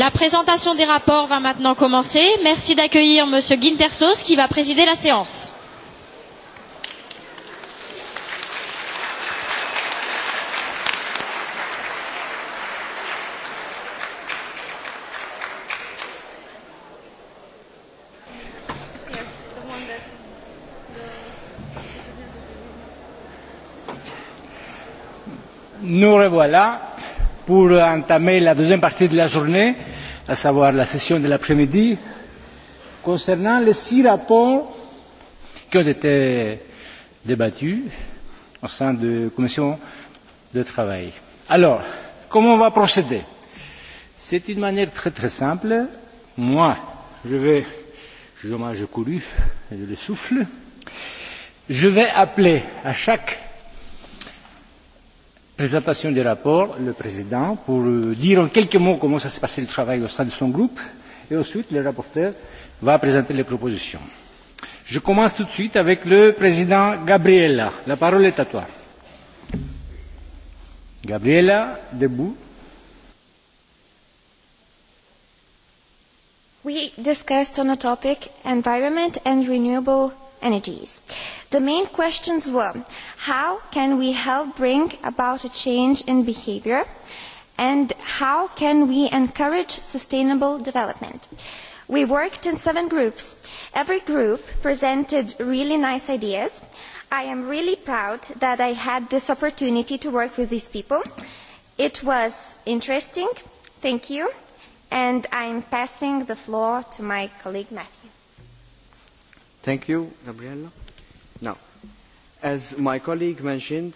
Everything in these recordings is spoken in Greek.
La présentation des rapports va maintenant commencer. Merci d'accueillir M. Guintersos qui va présider la séance. Nous revoilà pour entamer la deuxième partie de la journée, à savoir la session de l'après-midi, concernant les six rapports qui ont été débattus au sein de la commission de travail. Alors, comment on va procéder C'est une manière très très simple. Moi, je vais, je couru, je le souffle, je vais appeler à chaque présentation du rapport, le président, pour dire en quelques mots comment s'est passé le travail au sein de son groupe, et ensuite le rapporteur va présenter les propositions. Je commence tout de suite avec le président Gabriella. La parole est à toi. Gabriella, debout. We discussed on topic environment and renewable energies. The main questions were how can we help bring about a change in behaviour and how can we encourage sustainable development. We worked in seven groups. Every group presented really nice ideas. I am really proud that I had this opportunity to work with these people. It was interesting. Thank you. And I am passing the floor to my colleague Matthew as my colleague mentioned,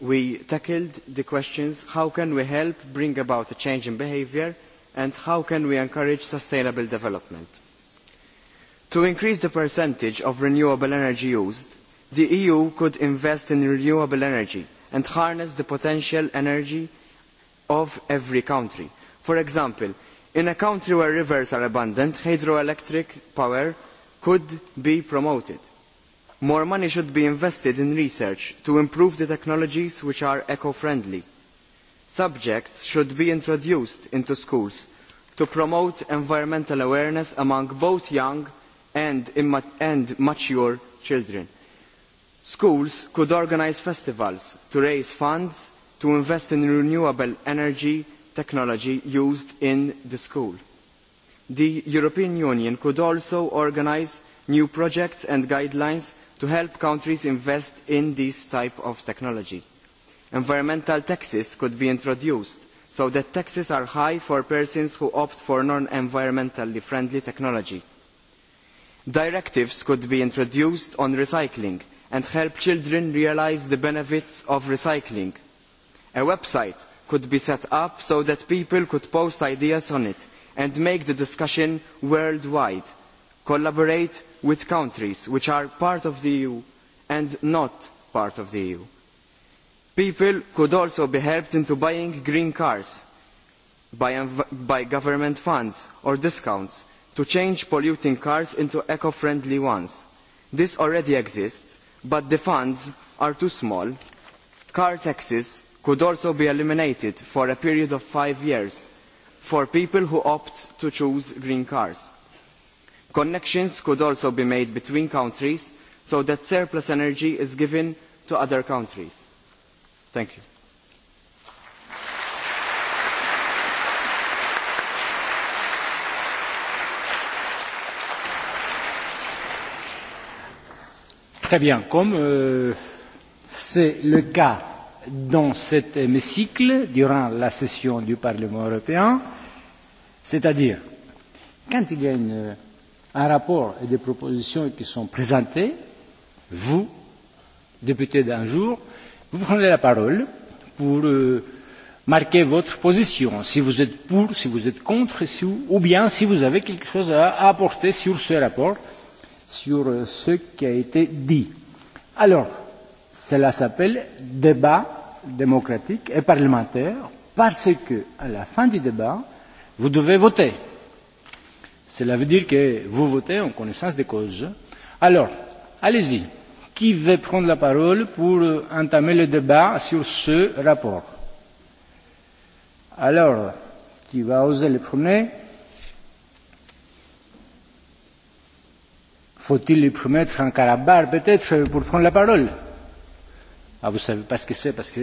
we tackled the questions how can we help bring about a change in behaviour and how can we encourage sustainable development. To increase the percentage of renewable energy used, the EU could invest in renewable energy and harness the potential energy of every country. For example, in a country where rivers are abundant, hydroelectric power could be promoted. More money should be invested in research to improve the technologies which are eco-friendly. Subjects should be introduced into schools to promote environmental awareness among both young and mature children. Schools could organise festivals to raise funds to invest in renewable energy technology used in the school the European Union could also organise new projects and guidelines to help countries invest in this type of technology. Environmental taxes could be introduced so that taxes are high for persons who opt for non-environmentally friendly technology. Directives could be introduced on recycling and help children realise the benefits of recycling. A website could be set up so that people could post ideas on it and make the discussion worldwide. Collaborate with countries which are part of the EU and not part of the EU. People could also be helped into buying green cars by government funds or discounts to change polluting cars into eco-friendly ones. This already exists, but the funds are too small. Car taxes could also be eliminated for a period of five years for people who opt to choose green cars. Connections could also be made between countries so that surplus energy is given to other countries. Thank you. Très bien. Comme c'est le cas dans cet hémicycle durant la session du Parlement européen, c'est-à-dire quand il y a un rapport et des propositions qui sont présentées, vous, député d'un jour, vous prenez la parole pour marquer votre position, si vous êtes pour, si vous êtes contre, ou bien si vous avez quelque chose à apporter sur ce rapport, sur ce qui a été dit. Alors, cela s'appelle débat démocratique et parlementaire parce que, à la fin du débat, vous devez voter. Cela veut dire que vous votez en connaissance de cause. Alors, allez-y. Qui veut prendre la parole pour entamer le débat sur ce rapport Alors, qui va oser le premier Faut-il lui promettre un carabar peut-être pour prendre la parole Ah, vous ne savez pas ce que c'est parce que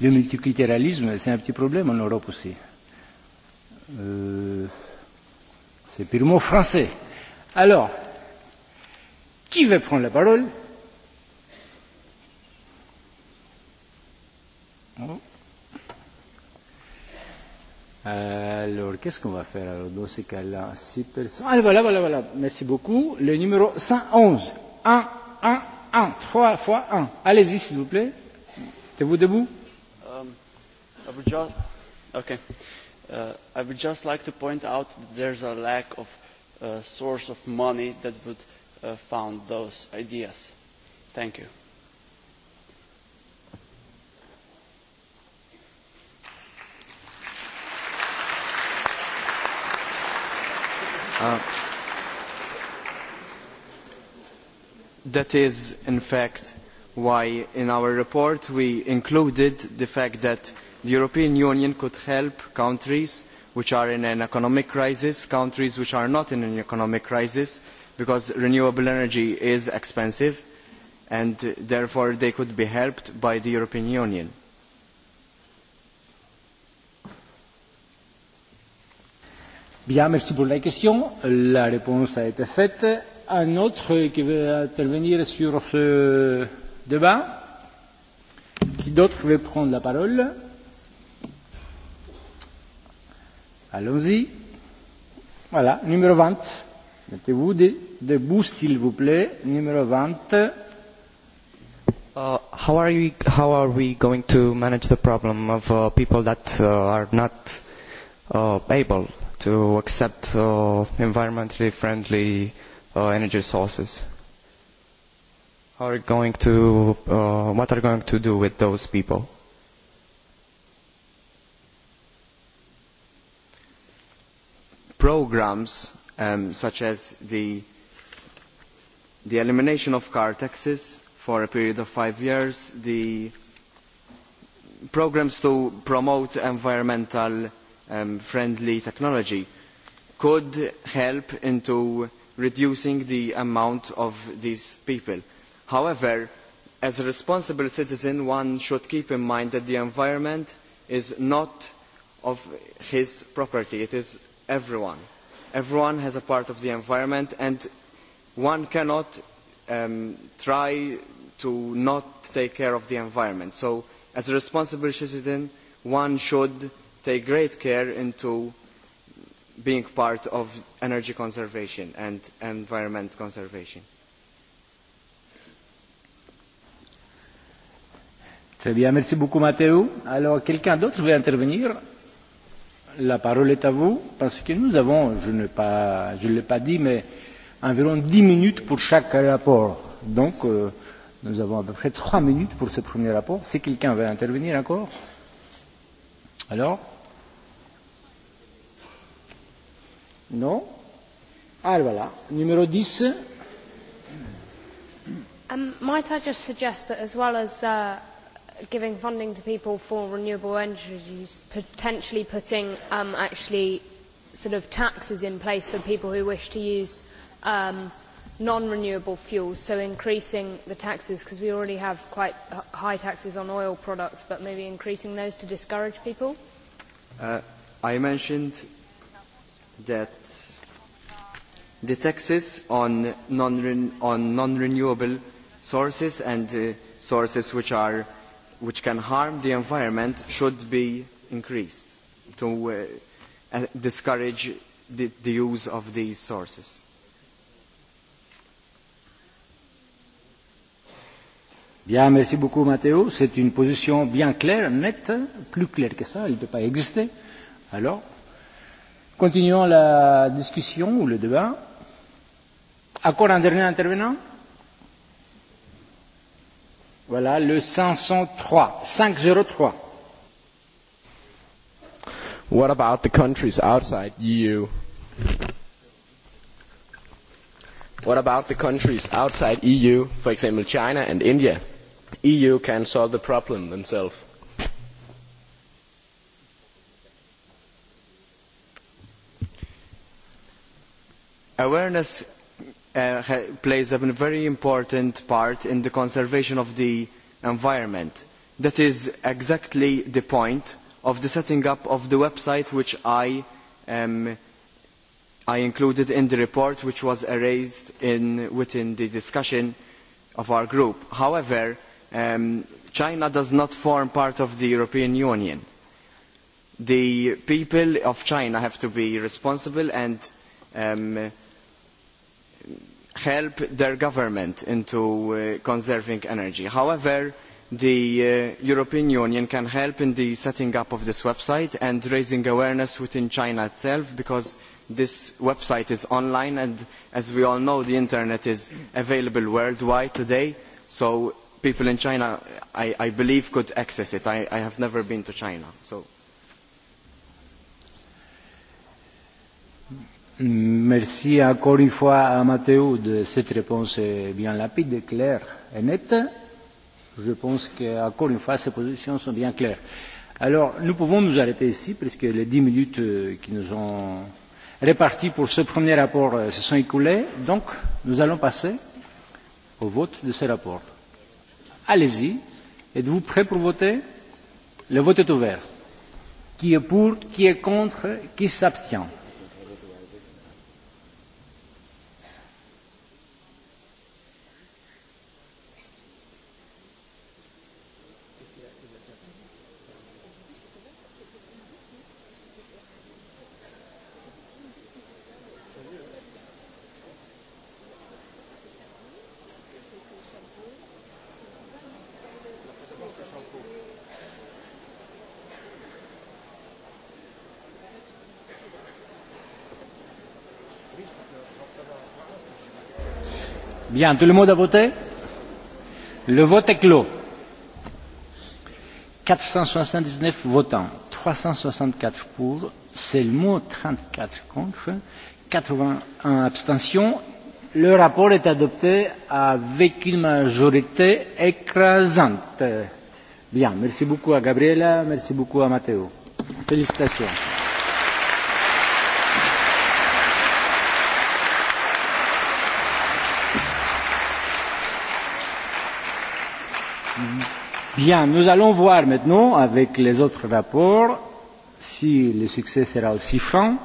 le multiculturalisme, c'est un petit problème en Europe aussi. Euh, c'est purement français. Alors, qui veut prendre la parole Alors, qu'est-ce qu'on va faire alors, dans ces cas-là Six personnes. Ah, voilà, voilà, voilà. Merci beaucoup. Le numéro 111. 1, 1, 1, 3 fois 1. Allez-y, s'il vous plaît. Êtes-vous debout? I, would just, Okay. I would just like to point out that there's a lack of source of money that would fund those ideas. Thank you. Uh, that is in fact why in our report we included the fact that the european union could help countries which are in an economic crisis countries which are not in an economic crisis because renewable energy is expensive and therefore they could be helped by the european union. Bien, merci La réponse a été faite un autre qui veut intervenir sur ce débat Qui d'autre veut prendre la parole Allons-y. Voilà, numéro 20. Mettez-vous debout, s'il vous plaît. Numéro 20. Uh, how are we how are we going to manage the problem of uh, people that uh, are not uh, able to accept uh, environmentally friendly uh, energy sources. are going to, what are going to do with those people? Programs such as the the elimination of car taxes for a period of five years, the programs to promote environmental friendly technology could help into reducing the amount of these people. However, as a responsible citizen, one should keep in mind that the environment is not of his property. It is everyone. Everyone has a part of the environment, and one cannot try to not take care of the environment. So, as a responsible citizen, one should take great care into being part of energy conservation and environment conservation. Très bien, merci beaucoup Mathéo. Alors, quelqu'un d'autre veut intervenir La parole est à vous, parce que nous avons, je ne pas, je l'ai pas dit, mais environ 10 minutes pour chaque rapport. Donc, nous avons à peu près 3 minutes pour ce premier rapport. Si quelqu'un veut intervenir encore Alors No? Ah, Numéro 10. might I just suggest that as well as giving funding to people for renewable energies, potentially putting actually sort of taxes in place for people who wish to use non-renewable fuels, so increasing the taxes, because we already have quite high taxes on oil products, but maybe increasing those to discourage people? I mentioned that the taxes on non-renewable sources and sources which are which can harm the environment should be increased to discourage the use of these sources. Bien, merci beaucoup Matteo. C'est une position bien claire, nette, plus claire que ça, elle ne peut pas exister. Alors, Continuons la discussion ou le débat. Encore un dernier intervenant Voilà, le 503. 503. What about the countries outside EU? What about the countries outside EU, for example China and India? EU can solve the problem themselves. awareness plays a very important part in the conservation of the environment. that is exactly the point of the setting up of the website which i included in the report which was raised within the discussion of our group. however china does not form part of the european union. the people of china have to be responsible and help their government into conserving energy. However, the European Union can help in the setting up of this website and raising awareness within China itself, because this website is online and, as we all know, the internet is available worldwide today. So people in China, I believe, could access it. I have never been to China, so Merci encore une fois à Mathéo de cette réponse bien rapide, claire et nette. Je pense qu'encore une fois, ces positions sont bien claires. Alors, nous pouvons nous arrêter ici, puisque les dix minutes qui nous ont réparties pour ce premier rapport se sont écoulées. Donc, nous allons passer au vote de ce rapport. Allez-y. Êtes-vous prêts pour voter Le vote est ouvert. Qui est pour Qui est contre Qui s'abstient Bien, tout le monde a voté Le vote est clos. 479 votants, 364 pour, seulement 34 contre, 81 abstentions. Le rapport est adopté avec une majorité écrasante. Bien, merci beaucoup à Gabriela, merci beaucoup à Matteo. Félicitations. Bien, nous allons voir maintenant avec les autres rapports si le succès sera aussi franc.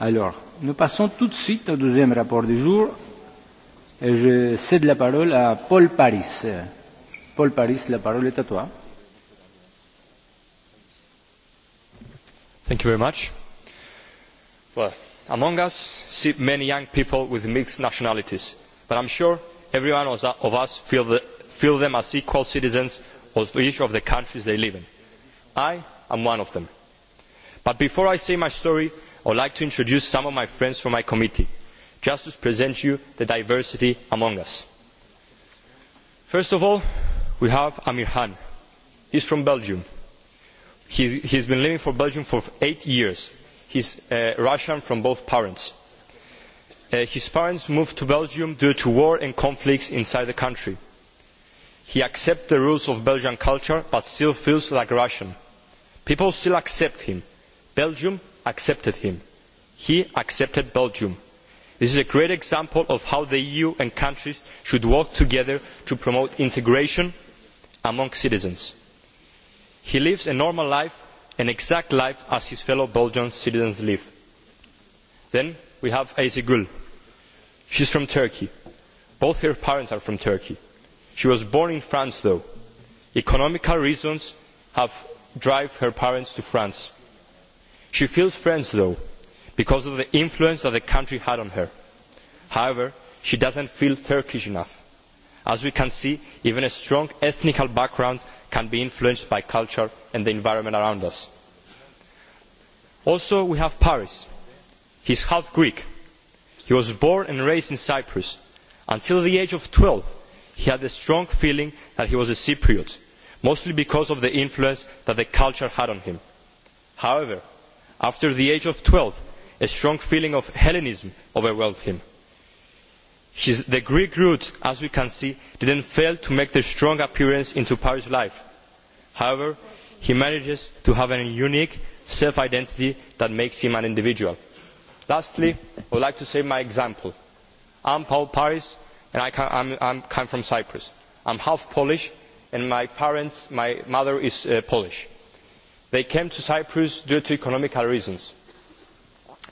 Alors, nous passons tout de suite au deuxième rapport du jour. Et je cède la parole à Paul Paris. Paul Paris, la parole est à toi. Thank you very much. Well, among us see many young people with mixed nationalities, but I'm sure everyone of us feel them as equal citizens of each of the countries they live in. I am one of them. But before I say my story, I would like to introduce some of my friends from my committee, just to present you the diversity among us. First of all, we have Amir Han. He is from Belgium. He has been living for Belgium for eight years. He is Russian from both parents. His parents moved to Belgium due to war and conflicts inside the country he accepts the rules of belgian culture but still feels like russian. people still accept him. belgium accepted him. he accepted belgium. this is a great example of how the eu and countries should work together to promote integration among citizens. he lives a normal life an exact life as his fellow belgian citizens live. then we have aysegül. she is from turkey. both her parents are from turkey she was born in france though. economical reasons have driven her parents to france. she feels french though because of the influence that the country had on her. however she does not feel turkish enough. as we can see even a strong ethnic background can be influenced by culture and the environment around us. also we have paris. he is half greek. he was born and raised in cyprus. until the age of twelve he had a strong feeling that he was a cypriot mostly because of the influence that the culture had on him. however after the age of twelve a strong feeling of hellenism overwhelmed him. the greek roots, as we can see did not fail to make their strong appearance in paris life. however he manages to have a unique self identity that makes him an individual. lastly i would like to say my example. i am paul paris i come from cyprus. i am half polish and my parents my mother is polish. they came to cyprus due to economic reasons.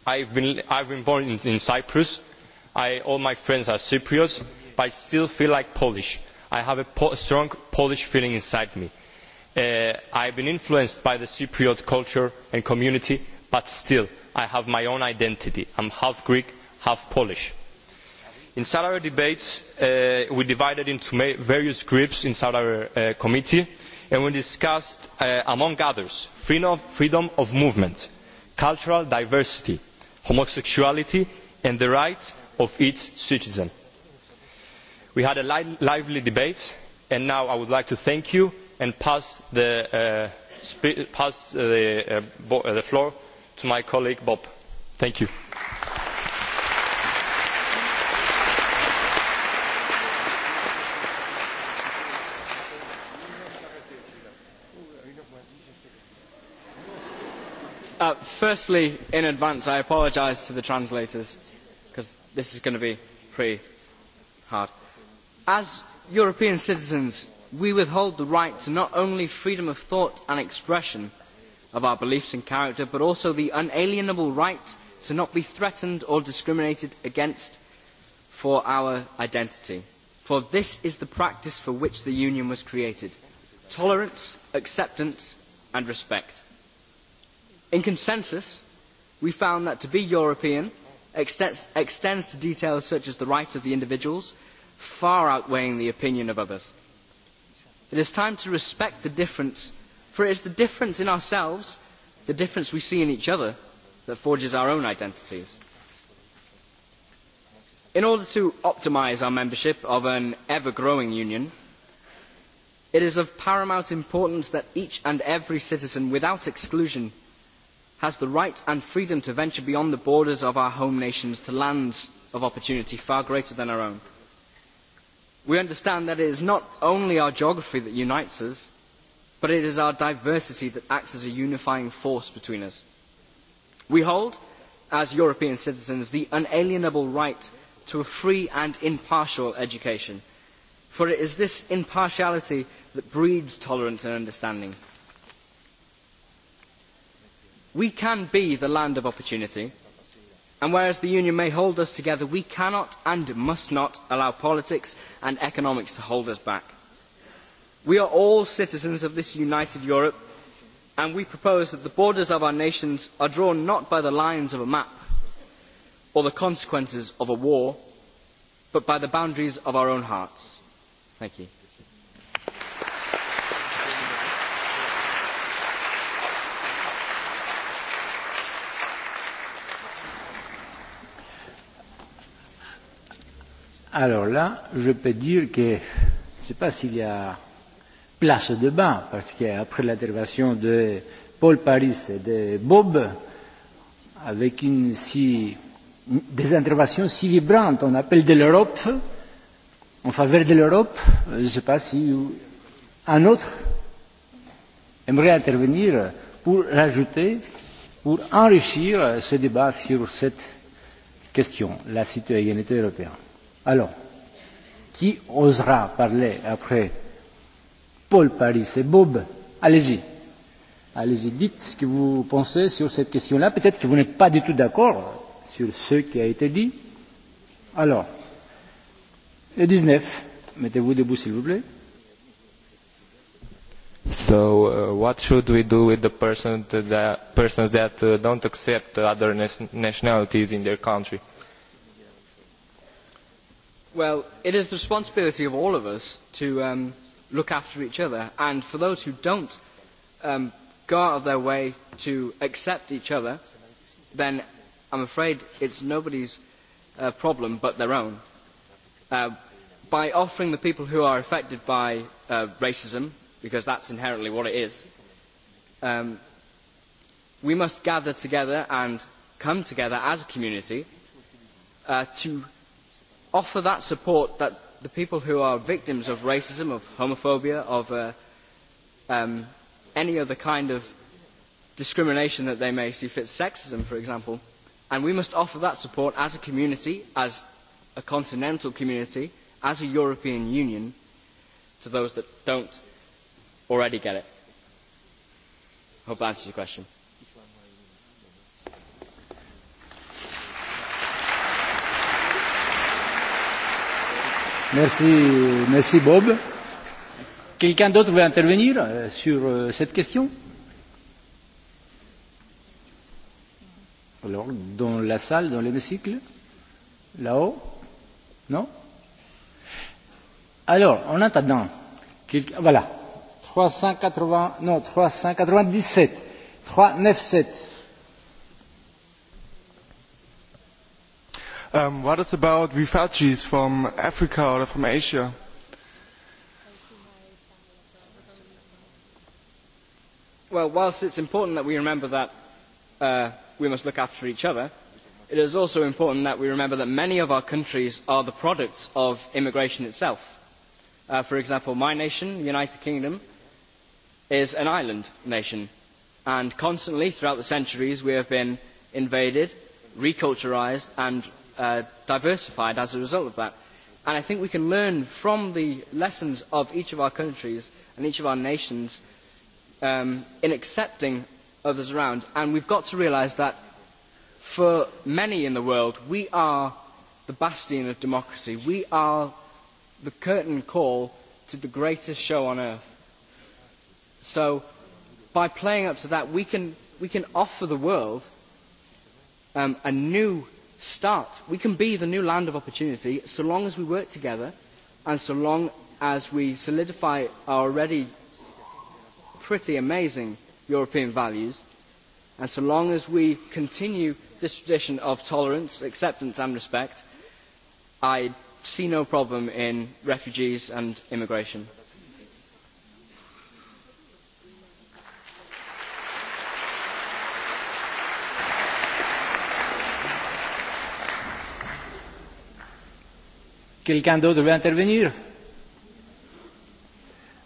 i have been born in cyprus all my friends are cypriots but i still feel like polish. i have a strong polish feeling inside me. i have been influenced by the cypriot culture and community but still i have my own identity. i am half greek half polish in salary debates we divided into various groups inside our committee and we discussed among others freedom of movement cultural diversity homosexuality and the rights of each citizen. we had a lively debate and now i would like to thank you and pass the floor to my colleague bob. thank you. Firstly, in advance, I apologise to the translators because this is going to be pretty hard. As European citizens, we withhold the right to not only freedom of thought and expression of our beliefs and character, but also the unalienable right to not be threatened or discriminated against for our identity. For this is the practice for which the Union was created tolerance, acceptance and respect in consensus we found that to be european extends to details such as the rights of the individuals far outweighing the opinion of others. it is time to respect the difference for it is the difference in ourselves the difference we see in each other that forges our own identities. in order to optimise our membership of an ever growing union it is of paramount importance that each and every citizen without exclusion has the right and freedom to venture beyond the borders of our home nations to lands of opportunity far greater than our own. We understand that it is not only our geography that unites us, but it is our diversity that acts as a unifying force between us. We hold, as European citizens, the unalienable right to a free and impartial education, for it is this impartiality that breeds tolerance and understanding we can be the land of opportunity and whereas the union may hold us together we cannot and must not allow politics and economics to hold us back. we are all citizens of this united europe and we propose that the borders of our nations are drawn not by the lines of a map or the consequences of a war but by the boundaries of our own hearts. thank you. Alors là, je peux dire que je ne sais pas s'il y a place de débat, parce qu'après l'intervention de Paul Paris et de Bob, avec une si, des interventions si vibrantes on appelle de l'Europe, en faveur de l'Europe, je ne sais pas si un autre aimerait intervenir pour rajouter, pour enrichir ce débat sur cette question, la citoyenneté européenne. Alors, qui osera parler après Paul Paris et Bob Allez-y. Allez-y, dites ce que vous pensez sur cette question-là. Peut-être que vous n'êtes pas du tout d'accord sur ce qui a été dit. Alors, le 19, mettez-vous debout s'il vous plaît. So, what should we do with the persons that don't accept other nationalities in their country? Well, it is the responsibility of all of us to look after each other, and for those who don't go out of their way to accept each other, then I'm afraid it's nobody's problem but their own. By offering the people who are affected by racism, because that's inherently what it is, we must gather together and come together as a community to offer that support that the people who are victims of racism, of homophobia, of any other kind of discrimination that they may see fit, sexism, for example. And we must offer that support as a community, as a continental community, as a European Union, to those that don't already get it. I hope that answers your question. Merci, merci Bob. Quelqu'un d'autre veut intervenir sur cette question Alors, dans la salle, dans l'hémicycle Là-haut Non Alors, en attendant, voilà, 380, non, 397, 397. What is about refugees from Africa or from Asia? Well, whilst it's important that we remember that we must look after each other, it is also important that we remember that many of our countries are the products of immigration itself. For example, my nation, the United Kingdom, is an island nation, and constantly throughout the centuries we have been invaded, reculturised and diversified as a result of that. And I think we can learn from the lessons of each of our countries and each of our nations in accepting others around. And we've got to realise that for many in the world, we are the bastion of democracy. We are the curtain call to the greatest show on earth. So by playing up to that, we can offer the world a new start. We can be the new land of opportunity so long as we work together and so long as we solidify our already pretty amazing European values and so long as we continue this tradition of tolerance, acceptance and respect, I see no problem in refugees and immigration. Quelqu'un d'autre veut intervenir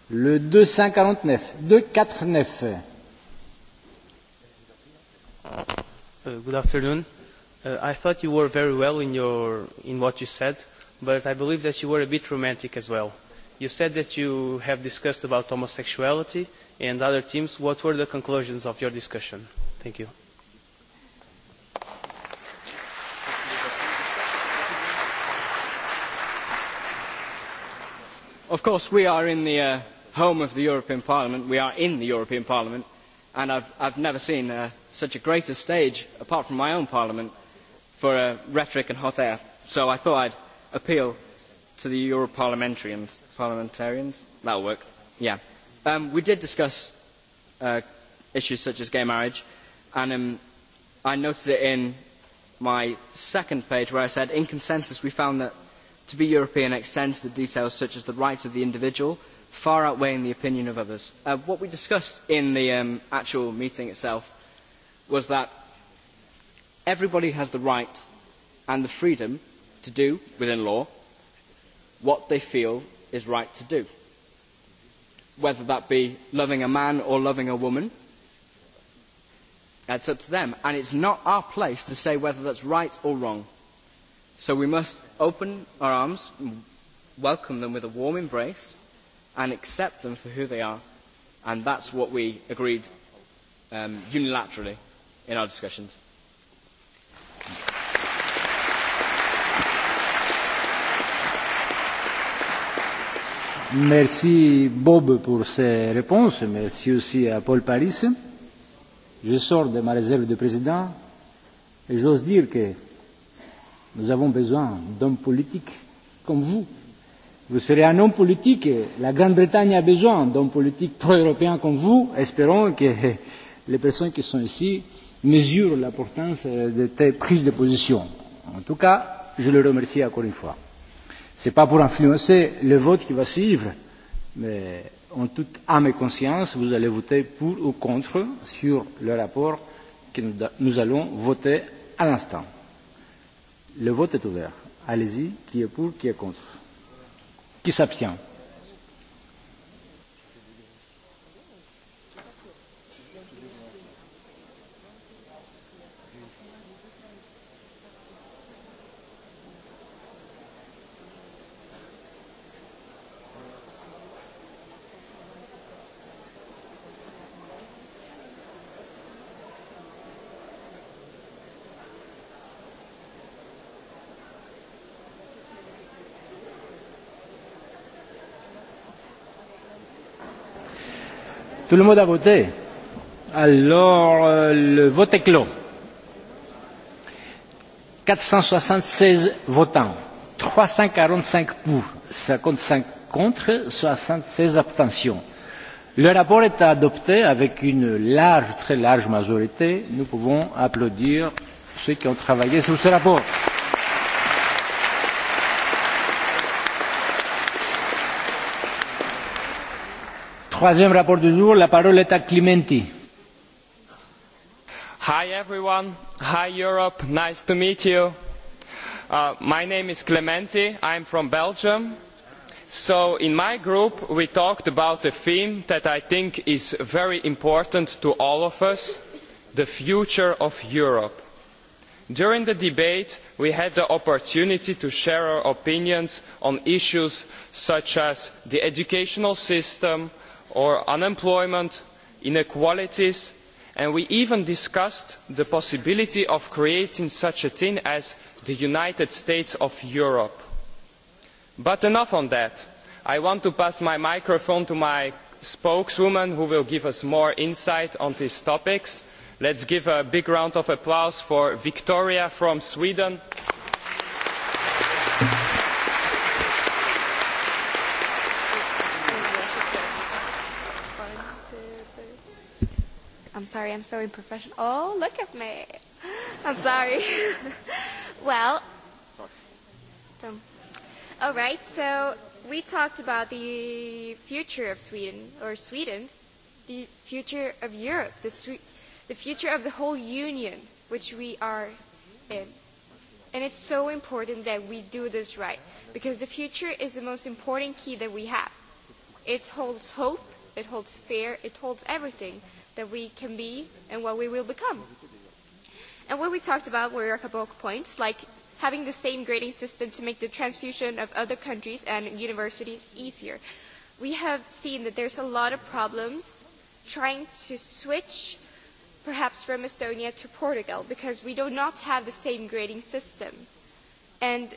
Le 249. 249. Good afternoon. I thought you were very well in, your, in what you said, but I believe that you were a bit romantic as well. You said that you have discussed about homosexuality and other themes. What were the conclusions of your discussion? Thank you. Of course, we are in the home of the European Parliament. We are in the European Parliament, and I've never seen such a greater stage, apart from my own Parliament, for rhetoric and hot air. So I thought I'd appeal to the Euro parliamentarians. That'll work. Yeah. We did discuss issues such as gay marriage, and I noticed it in my second page where I said, in consensus, we found that To be European extends to the details such as the rights of the individual, far outweighing the opinion of others. What we discussed in the actual meeting itself was that everybody has the right and the freedom to do, within law, what they feel is right to do. Whether that be loving a man or loving a woman, that's up to them. And it's not our place to say whether that's right or wrong. So we must open our arms, welcome them with a warm embrace, and accept them for who they are. And that's what we agreed unilaterally in our discussions. Merci Bob pour ces réponses. Merci aussi à Paul Paris. Je sors de ma réserve de président et j'ose dire que Nous avons besoin d'hommes politiques comme vous. Vous serez un homme politique et la Grande-Bretagne a besoin d'hommes politiques pro-européens comme vous. Espérons que les personnes qui sont ici mesurent l'importance de tes prises de position. En tout cas, je le remercie encore une fois. Ce n'est pas pour influencer le vote qui va suivre, mais en toute âme et conscience, vous allez voter pour ou contre sur le rapport que nous allons voter à l'instant. Le vote est ouvert. Allez-y. Qui est pour, qui est contre Qui s'abstient Tout le monde a voté Alors, le vote est clos. 476 votants, 345 pour, 55 contre, 76 abstentions. Le rapport est adopté avec une large, très large majorité. Nous pouvons applaudir ceux qui ont travaillé sur ce rapport. Troisième rapport du jour, la parole est à Clementi. Hi everyone, hi Europe, nice to meet you. My name is Clementi, I'm from Belgium. So in my group we talked about a theme that I think is very important to all of us, the future of Europe. During the debate we had the opportunity to share our opinions on issues such as the educational system, or unemployment inequalities and we even discussed the possibility of creating such a thing as the united states of europe. but enough on that. i want to pass my microphone to my spokeswoman who will give us more insight on these topics. let us give a big round of applause for victoria from sweden. sorry, I'm so unprofessional. Oh, look at me. I'm sorry. well, all right, so we talked about the future of Sweden, or Sweden, the future of Europe, the, the future of the whole Union, which we are in. And it's so important that we do this right, because the future is the most important key that we have. It holds hope, it holds fear, it holds everything that we can be and what we will become. And what we talked about were a couple of points, like having the same grading system to make the transfusion of other countries and universities easier. We have seen that there's a lot of problems trying to switch perhaps from Estonia to Portugal because we do not have the same grading system. And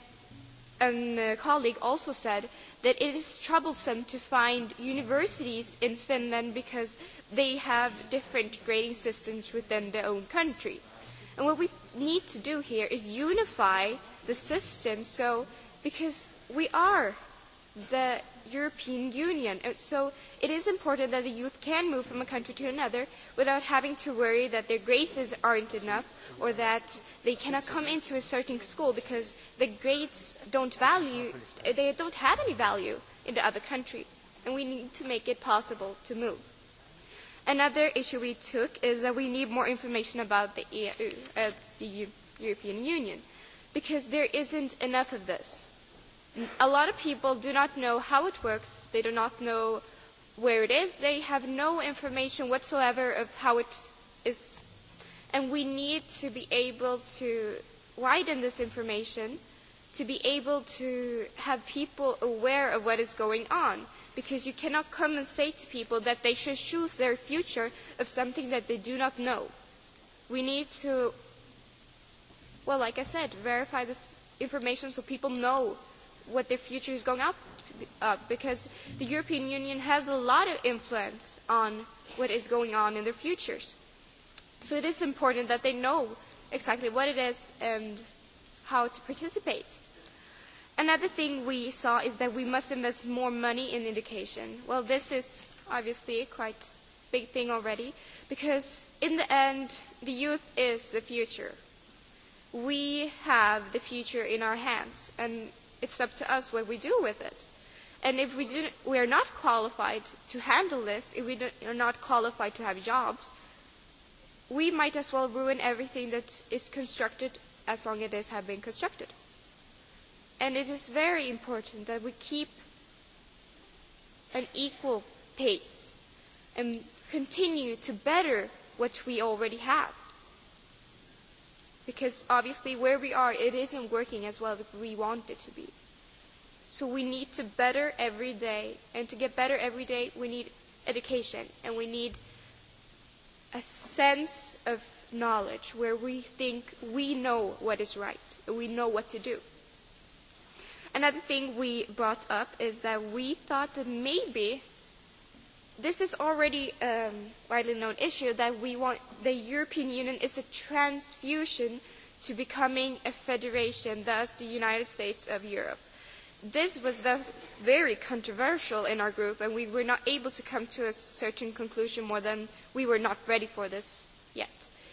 a colleague also said that it is troublesome to find universities in Finland because they have different grading systems within their own country. And what we need to do here is unify the system so because we are the European Union. So it is important that the youth can move from a country to another without having to worry that their grades aren't enough or that they cannot come into a certain school because the grades don't value, they don't have any value in the other country. And we need to make it possible to move. Another issue we took is that we need more information about the European Union because there isn't enough of this a lot of people do not know how it works. They do not know where it is. They have no information whatsoever of how it is. And we need to be able to widen this information to be able to have people aware of what is going on. Because you cannot come and say to people that they should choose their future of something that they do not know. We need to, well, like I said, verify this information so people know what their future is going up because the European Union has a lot of influence on what is going on in their futures. So it is important that they know exactly what it is and how to participate. Another thing we saw is that we must invest more money in education. Well, this is obviously a quite big thing already because in the end the youth is the future we have the future in our hands and it's up to us what we do with it. And if we, do, we are not qualified to handle this, if we are not qualified to have jobs, we might as well ruin everything that is constructed as long as it has been constructed. And it is very important that we keep an equal pace and continue to better what we already have because obviously where we are, it isn't working as well as we want it to be. So we need to better every day, and to get better every day, we need education, and we need a sense of knowledge where we think we know what is right, and we know what to do. Another thing we brought up is that we thought that maybe This is already a widely known issue that we want the European Union is a transfusion to becoming a federation, thus the United States of Europe. This was thus very controversial in our group, and we were not able to come to a certain conclusion more than we were not ready for this yet.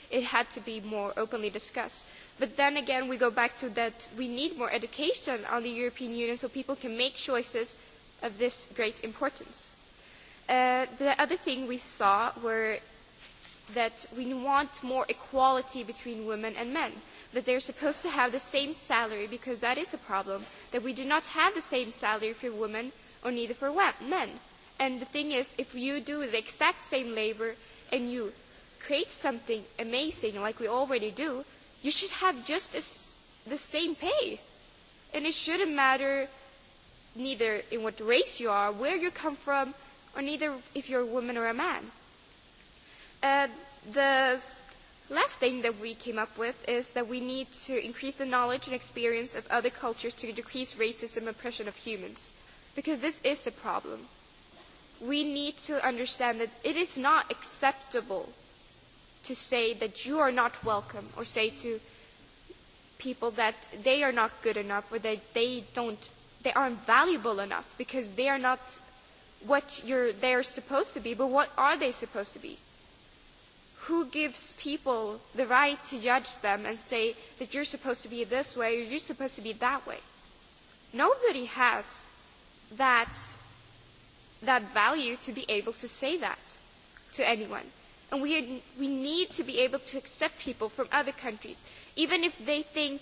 It had to be more openly discussed. But then again, we go back to that we need more education on the European Union so people can make choices of this great importance. The other thing we saw were that we want more equality between women and men, that they are supposed to have the same salary because that is a problem, that we do not have the same salary for women or neither for men. And the thing is, if you do the exact same labor and you create something amazing like we already do, you should have just the same pay. And it shouldn't matter neither in what race you are, where you come from, or neither if you're a woman or a man. The last thing that we came up with is that we need to increase the knowledge and experience of other cultures to decrease racism and oppression of humans, because this is a problem. We need to understand that it is not acceptable to say that you are not welcome or say to people that they are not good enough or that they don't they aren't valuable enough because they are not what you're they're supposed to be, but what are they supposed to be? Who gives people the right to judge them and say that you're supposed to be this way or you're supposed to be that way? Nobody has that that value to be able to say that to anyone. And we we need to be able to accept people from other countries, even if they think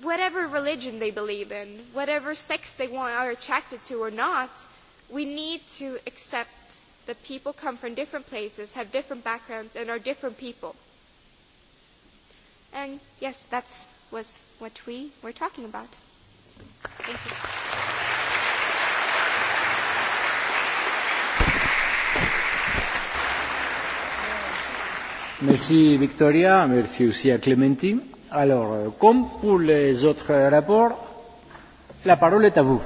whatever religion they believe in, whatever sex they want are attracted to or not we need to accept that people come from different places, have different backgrounds, and are different people. And yes, that's was what we were talking about. Thank you. Merci Victoria, merci aussi à Clémentine. Alors, comme pour les autres rapports, la parole est à vous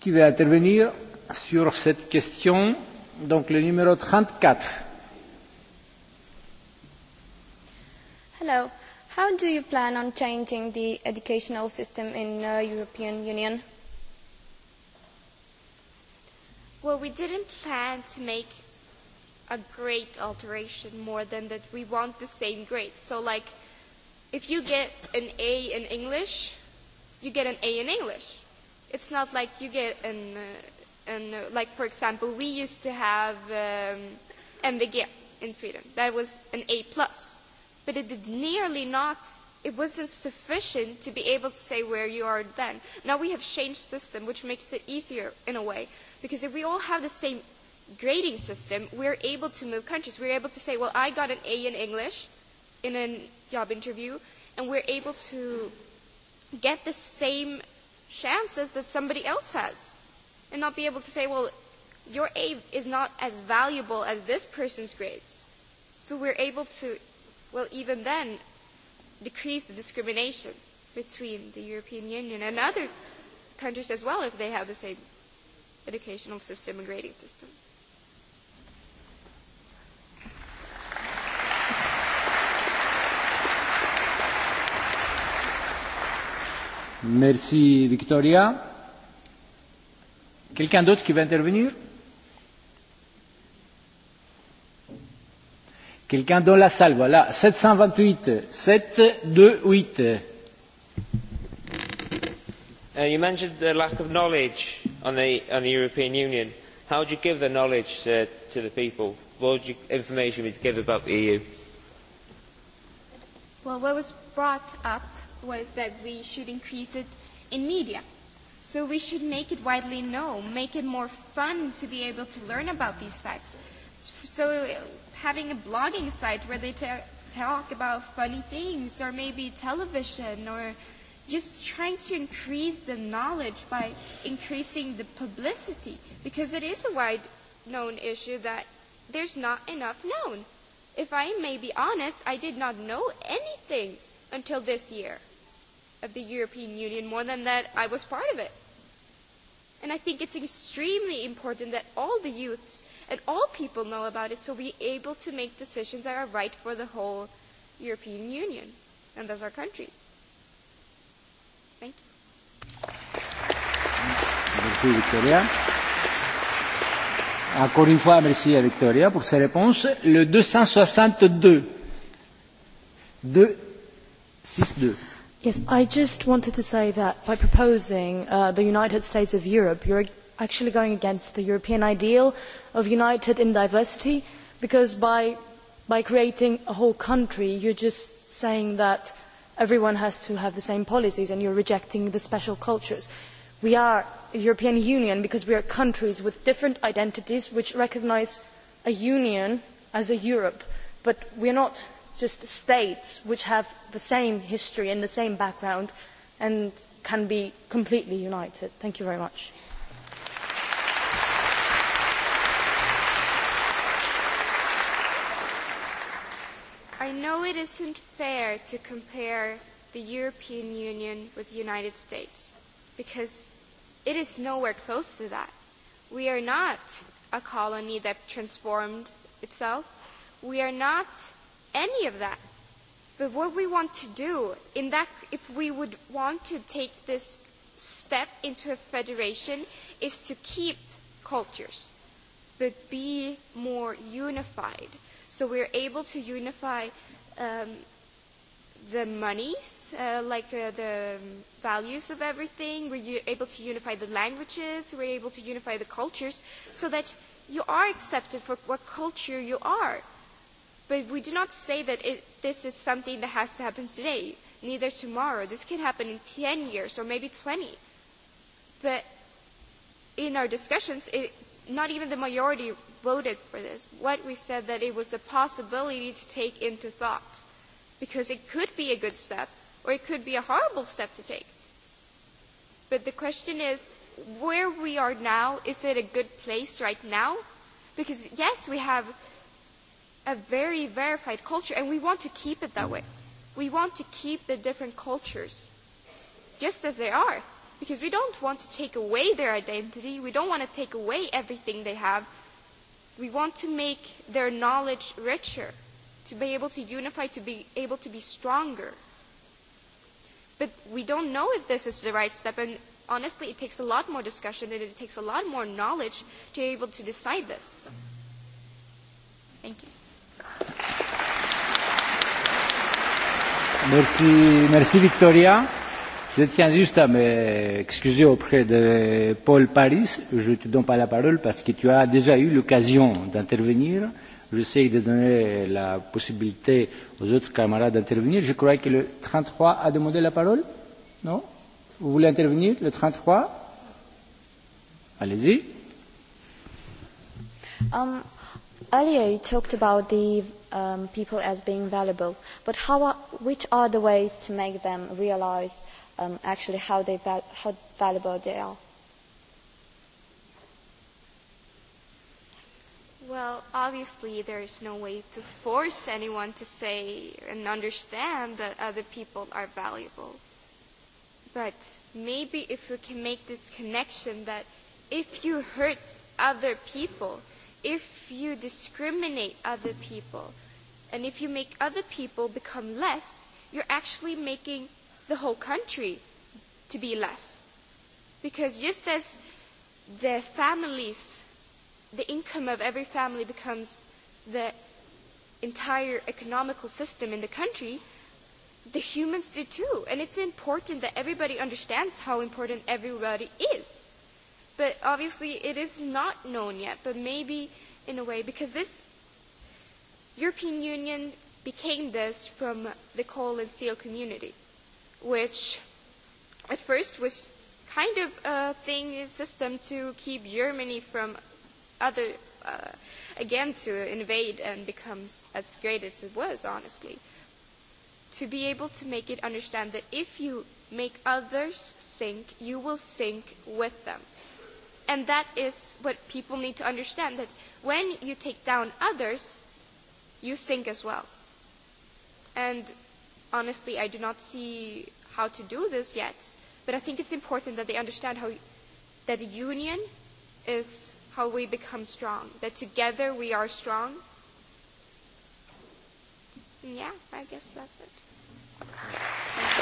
qui veut intervenir sur cette question donc le numéro 34 Hello how do you plan on changing the educational system in the European Union Well we didn't plan to make a great alteration more than that we want the same grades so like if you get an A in English you get an A in English it's not like you get an, an like for example we used to have um, MVG in Sweden that was an A plus, but it did nearly not it wasn't sufficient to be able to say where you are then. Now we have changed system which makes it easier in a way because if we all have the same grading system we're able to move countries we're able to say well I got an A in English in a job interview and we're able to get the same chances that somebody else has and not be able to say, well, your aid is not as valuable as this person's grades. So we're able to, well, even then, decrease the discrimination between the European Union and other countries as well if they have the same educational system and grading system. Merci Victoria. Quelqu'un d'autre qui veut intervenir Quelqu'un dans la salle, voilà. 728, 728. Uh, you mentioned the lack of knowledge on the, on the European Union. How would you give the knowledge to, to the people? What would you, information would you give about the EU? Well, what was brought up was that we should increase it in media. So we should make it widely known, make it more fun to be able to learn about these facts. So having a blogging site where they talk about funny things or maybe television or just trying to increase the knowledge by increasing the publicity because it is a wide known issue that there's not enough known. If I may be honest, I did not know anything until this year of the European Union, more than that I was part of it. And I think it's extremely important that all the youths and all people know about it so we're able to make decisions that are right for the whole European Union and thus our country. Thank you. Victoria. Encore une fois, Victoria pour ses réponses. Le 262. Yes, I just wanted to say that by proposing the United States of Europe, you are actually going against the European ideal of united in diversity, because by creating a whole country, you are just saying that everyone has to have the same policies and you are rejecting the special cultures. We are a European Union because we are countries with different identities which recognise a union as a Europe, but we are not just states which have the same history and the same background and can be completely united. Thank you very much. I know it isn't fair to compare the European Union with the United States because it is nowhere close to that. We are not a colony that transformed itself. We are not any of that. But what we want to do, in that, if we would want to take this step into a federation, is to keep cultures, but be more unified. So we're able to unify the monies, like the values of everything. We're able to unify the languages. We're able to unify the cultures, so that you are accepted for what culture you are But we do not say that this is something that has to happen today, neither tomorrow. This can happen in 10 years or maybe 20. But in our discussions, not even the majority voted for this. What we said that it was a possibility to take into thought, because it could be a good step or it could be a horrible step to take. But the question is, where we are now, is it a good place right now? Because yes, we have a very verified culture, and we want to keep it that way. We want to keep the different cultures just as they are, because we don't want to take away their identity. We don't want to take away everything they have. We want to make their knowledge richer, to be able to unify, to be able to be stronger. But we don't know if this is the right step, and honestly, it takes a lot more discussion and it takes a lot more knowledge to be able to decide this. Thank you. Merci, merci Victoria. Je tiens juste à m'excuser auprès de Paul Paris. Je ne te donne pas la parole parce que tu as déjà eu l'occasion d'intervenir. J'essaie de donner la possibilité aux autres camarades d'intervenir. Je crois que le 33 a demandé la parole. Non Vous voulez intervenir, le 33 Allez-y. Earlier you talked about the people as being valuable, but which are the ways to make them realise actually how valuable they are? Well, obviously there is no way to force anyone to say and understand that other people are valuable. But maybe if we can make this connection that if you hurt other people, if you discriminate other people and if you make other people become less, you're actually making the whole country to be less. Because just as the families, the income of every family becomes the entire economical system in the country, the humans do too. And it's important that everybody understands how important everybody is but obviously it is not known yet, but maybe in a way, because this European Union became this from the coal and steel community, which at first was kind of a thing, a system to keep Germany from other, again, to invade and become as great as it was, honestly. To be able to make it understand that if you make others sink, you will sink with them and that is what people need to understand that when you take down others you sink as well and honestly i do not see how to do this yet but i think it's important that they understand how that the union is how we become strong that together we are strong yeah i guess that's it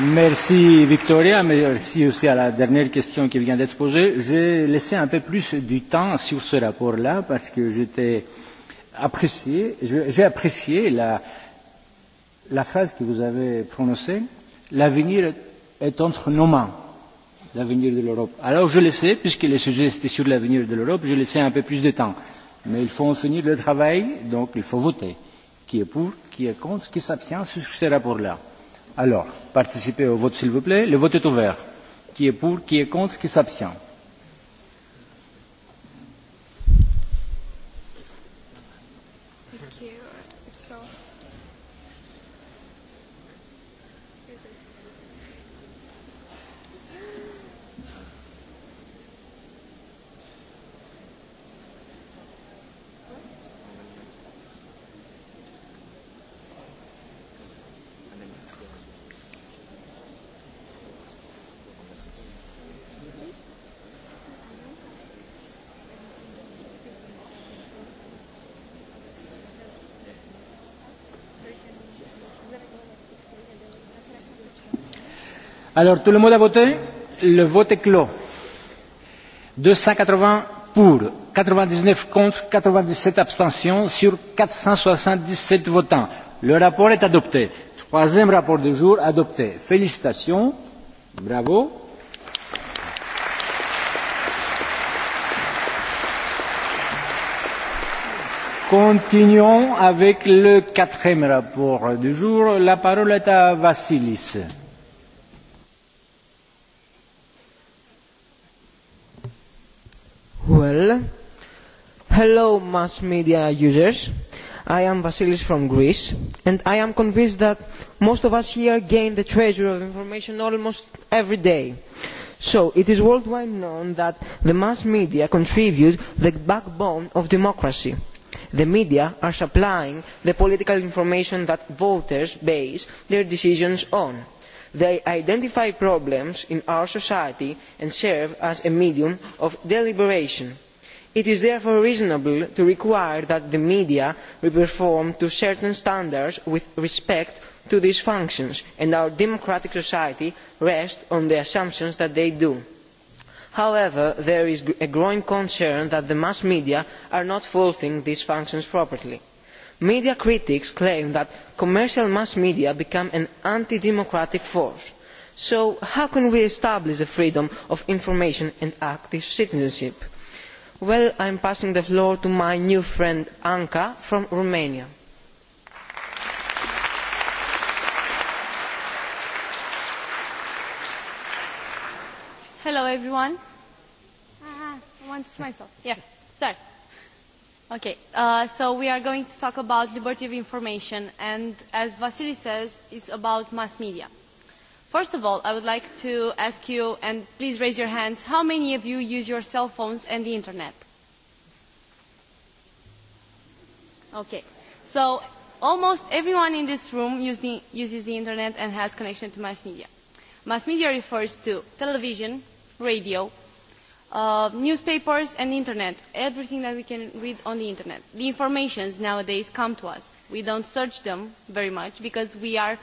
Merci Victoria, merci aussi à la dernière question qui vient d'être posée. J'ai laissé un peu plus du temps sur ce rapport-là parce que j'étais apprécié, j'ai apprécié la, la phrase que vous avez prononcée, l'avenir est entre nos mains, l'avenir de l'Europe. Alors je laissais, puisque le sujet était sur l'avenir de l'Europe, je laissais un peu plus de temps. Mais il faut en finir le travail, donc il faut voter. Qui est pour, qui est contre, qui s'abstient sur ce rapport-là. Alors, participez au vote s'il vous plaît. Le vote est ouvert. Qui est pour, qui est contre, qui s'abstient Alors, tout le monde a voté Le vote est clos. 280 pour, 99 contre, 97 abstentions sur 477 votants. Le rapport est adopté. Troisième rapport du jour adopté. Félicitations. Bravo. Continuons avec le quatrième rapport du jour. La parole est à Vassilis. Hello, mass media users. I am Vasilis from Greece, and I am convinced that most of us here gain the treasure of information almost every day. So it is worldwide known that the mass media contribute the backbone of democracy. The media are supplying the political information that voters base their decisions on. They identify problems in our society and serve as a medium of deliberation it is therefore reasonable to require that the media be performed to certain standards with respect to these functions and our democratic society rests on the assumption that they do. however there is a growing concern that the mass media are not fulfilling these functions properly. media critics claim that commercial mass media become an anti democratic force. so how can we establish the freedom of information and active citizenship? well i am passing the floor to my new friend anca from romania. hello everyone myself yeah sorry okay so we are going to talk about liberty of information and as vasily says it's about mass media First of all, I would like to ask you, and please raise your hands, how many of you use your cell phones and the Internet? Okay. So almost everyone in this room uses the Internet and has connection to mass media. Mass media refers to television, radio, newspapers and Internet, everything that we can read on the Internet. The informations nowadays come to us. We don't search them very much because we are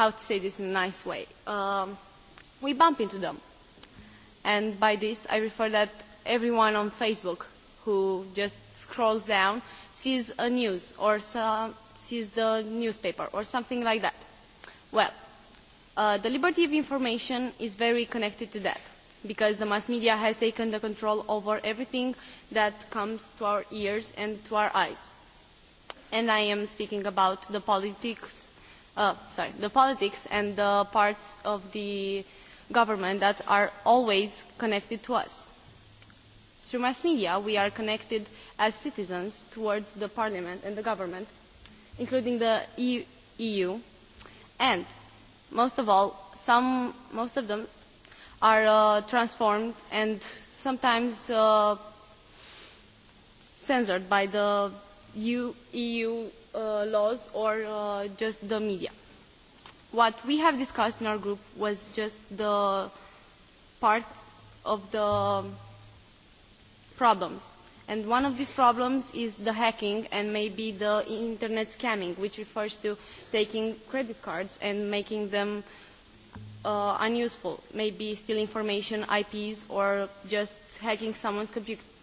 how to say this in a nice way we bump into them and by this i refer that everyone on facebook who just scrolls down sees a news or sees the newspaper or something like that well the liberty of information is very connected to that because the mass media has taken the control over everything that comes to our ears and to our eyes and i am speaking about the politics sorry, the politics and the parts of the government that are always connected to us. Through mass media, we are connected as citizens towards the parliament and the government, including the EU, and most of all, some, most of them are transformed and sometimes censored by the EU laws or just the media. What we have discussed in our group was just the part of the problems. And one of these problems is the hacking and maybe the internet scamming, which refers to taking credit cards and making them unuseful, maybe stealing information, IPs, or just hacking someone's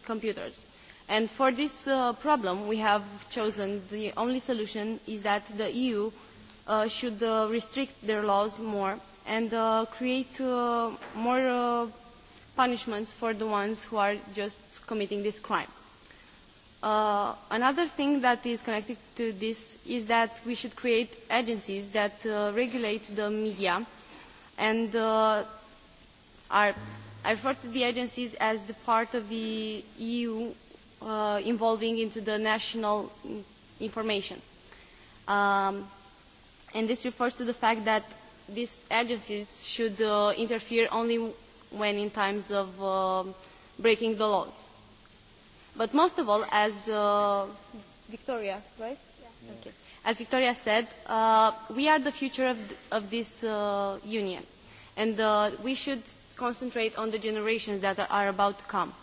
computers. And for this problem, we have chosen the only solution is that the EU should restrict their laws more and create more punishments for the ones who are just committing this crime. Another thing that is connected to this is that we should create agencies that regulate the media and I refer to the agencies as the part of the EU involving into the national information. And this refers to the fact that these agencies should interfere only when in times of breaking the laws. But most of all, as Victoria, right? Okay. As Victoria said, we are the future of this union, and we should concentrate on the generations that are about to come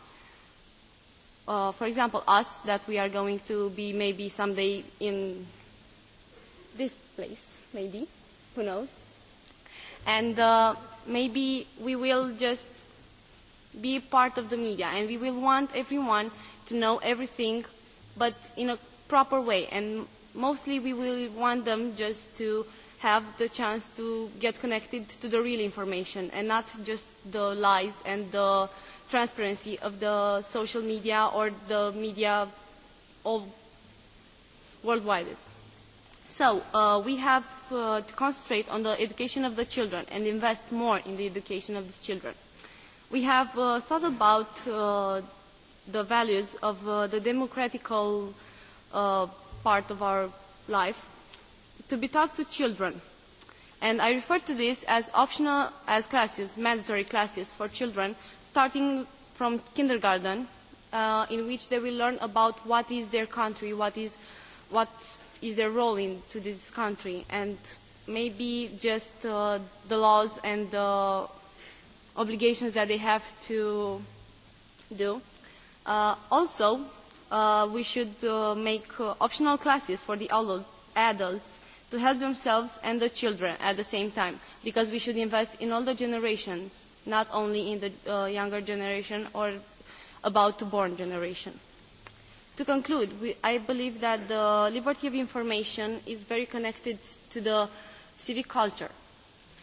for example, us, that we are going to be maybe someday in this place, maybe, who knows. And maybe we will just be part of the media and we will want everyone to know everything, but in a proper way. And mostly we will want them just to have the chance to get connected to the real information and not just the lies and the transparency of the social media or the media worldwide. So we have to concentrate on the education of the children and invest more in the education of the children. We have thought about the values of the democratical part of our life to be taught to children. And I refer to this as optional as classes, mandatory classes for children starting from kindergarten, in which they will learn about what is their country, what is what is their role in to this country, and maybe just the laws and the obligations that they have to do. Also, we should make optional classes for the adults to help themselves and the children at the same time, because we should invest in all the generations not only in the younger generation or about to born generation. To conclude, I believe that the liberty of information is very connected to the civic culture.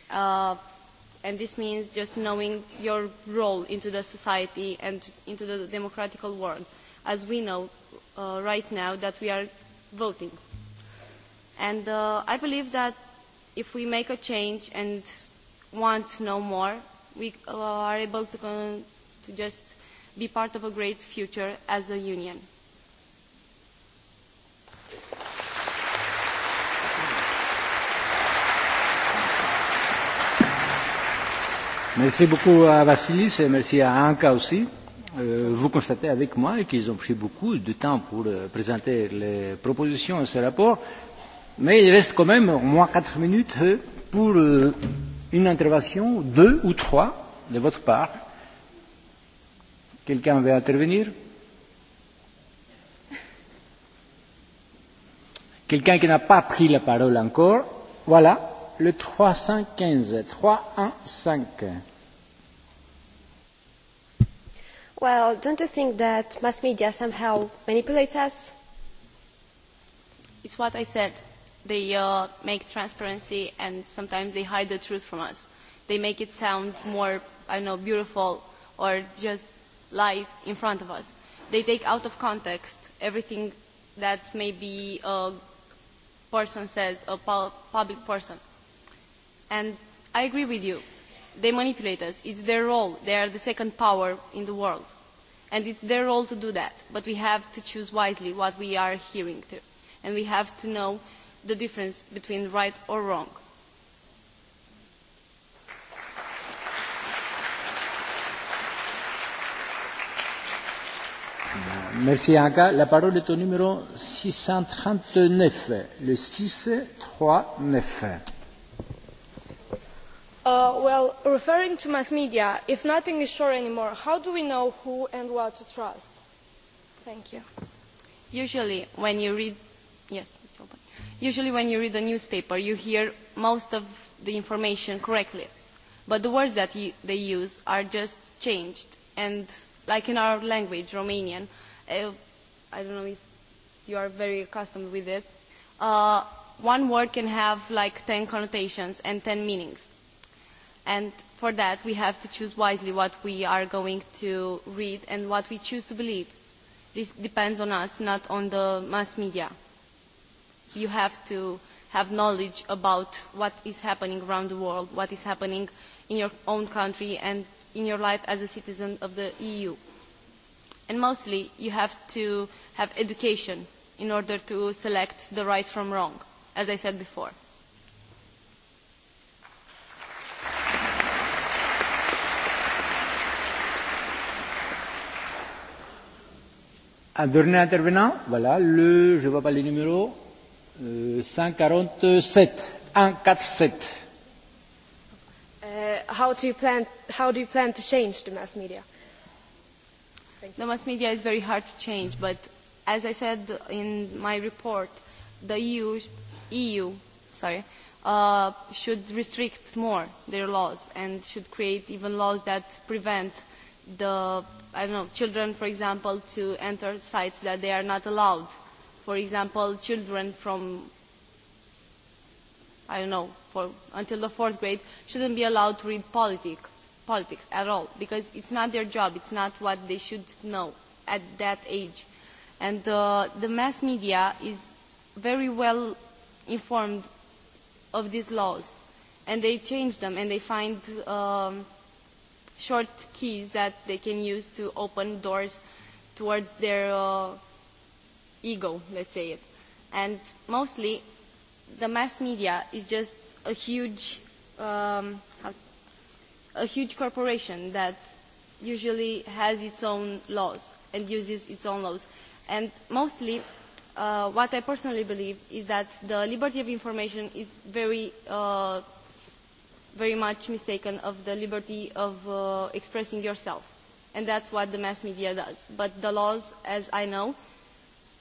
And this means just knowing your role into the society and into the democratic world, as we know right now that we are voting. And I believe that if we make a change and want to know more, we are able to to just be part of a great future as a union. Merci beaucoup à Vassilis et merci à Anka aussi. Vous constatez avec moi qu'ils ont pris beaucoup de temps pour présenter les propositions à ce rapport, mais il reste quand même au moins quatre minutes pour une intervention, deux ou trois de votre part. Quelqu'un veut intervenir Quelqu'un qui n'a pas pris la parole encore Voilà, le 315, 315. Well, don't you think that mass media somehow manipulates us? It's what I said they make transparency and sometimes they hide the truth from us. They make it sound more, I know, beautiful or just live in front of us. They take out of context everything that maybe a person says, a public person. And I agree with you. They manipulate us. It's their role. They are the second power in the world. And it's their role to do that. But we have to choose wisely what we are hearing to. And we have to know the difference between right or wrong. Merci Anka. La parole est au numéro 639, le 639. Well, referring to mass media, if nothing is sure anymore, how do we know who and what to trust? Thank you. Usually, when you read, yes. Usually when you read a newspaper, you hear most of the information correctly. But the words that they use are just changed. And like in our language, Romanian, I don't know if you are very accustomed with it, one word can have like 10 connotations and 10 meanings. And for that, we have to choose wisely what we are going to read and what we choose to believe. This depends on us, not on the mass media you have to have knowledge about what is happening around the world, what is happening in your own country and in your life as a citizen of the EU. And mostly you have to have education in order to select the right from wrong, as I said before. Un dernier intervenant, voilà, le, je pas les numéros, 147. How do you plan to change the mass media? The mass media is very hard to change, but as I said in my report, the EU, EU, sorry, should restrict more their laws and should create even laws that prevent the, I don't know, children, for example, to enter sites that they are not allowed for example, children from, I don't know, for, until the fourth grade shouldn't be allowed to read politics, politics at all, because it's not their job, it's not what they should know at that age. And the mass media is very well informed of these laws, and they change them, and they find short keys that they can use to open doors towards their ego, let's say it. And mostly the mass media is just a huge a huge corporation that usually has its own laws and uses its own laws. And mostly what I personally believe is that the liberty of information is very very much mistaken of the liberty of expressing yourself. And that's what the mass media does. But the laws, as I know,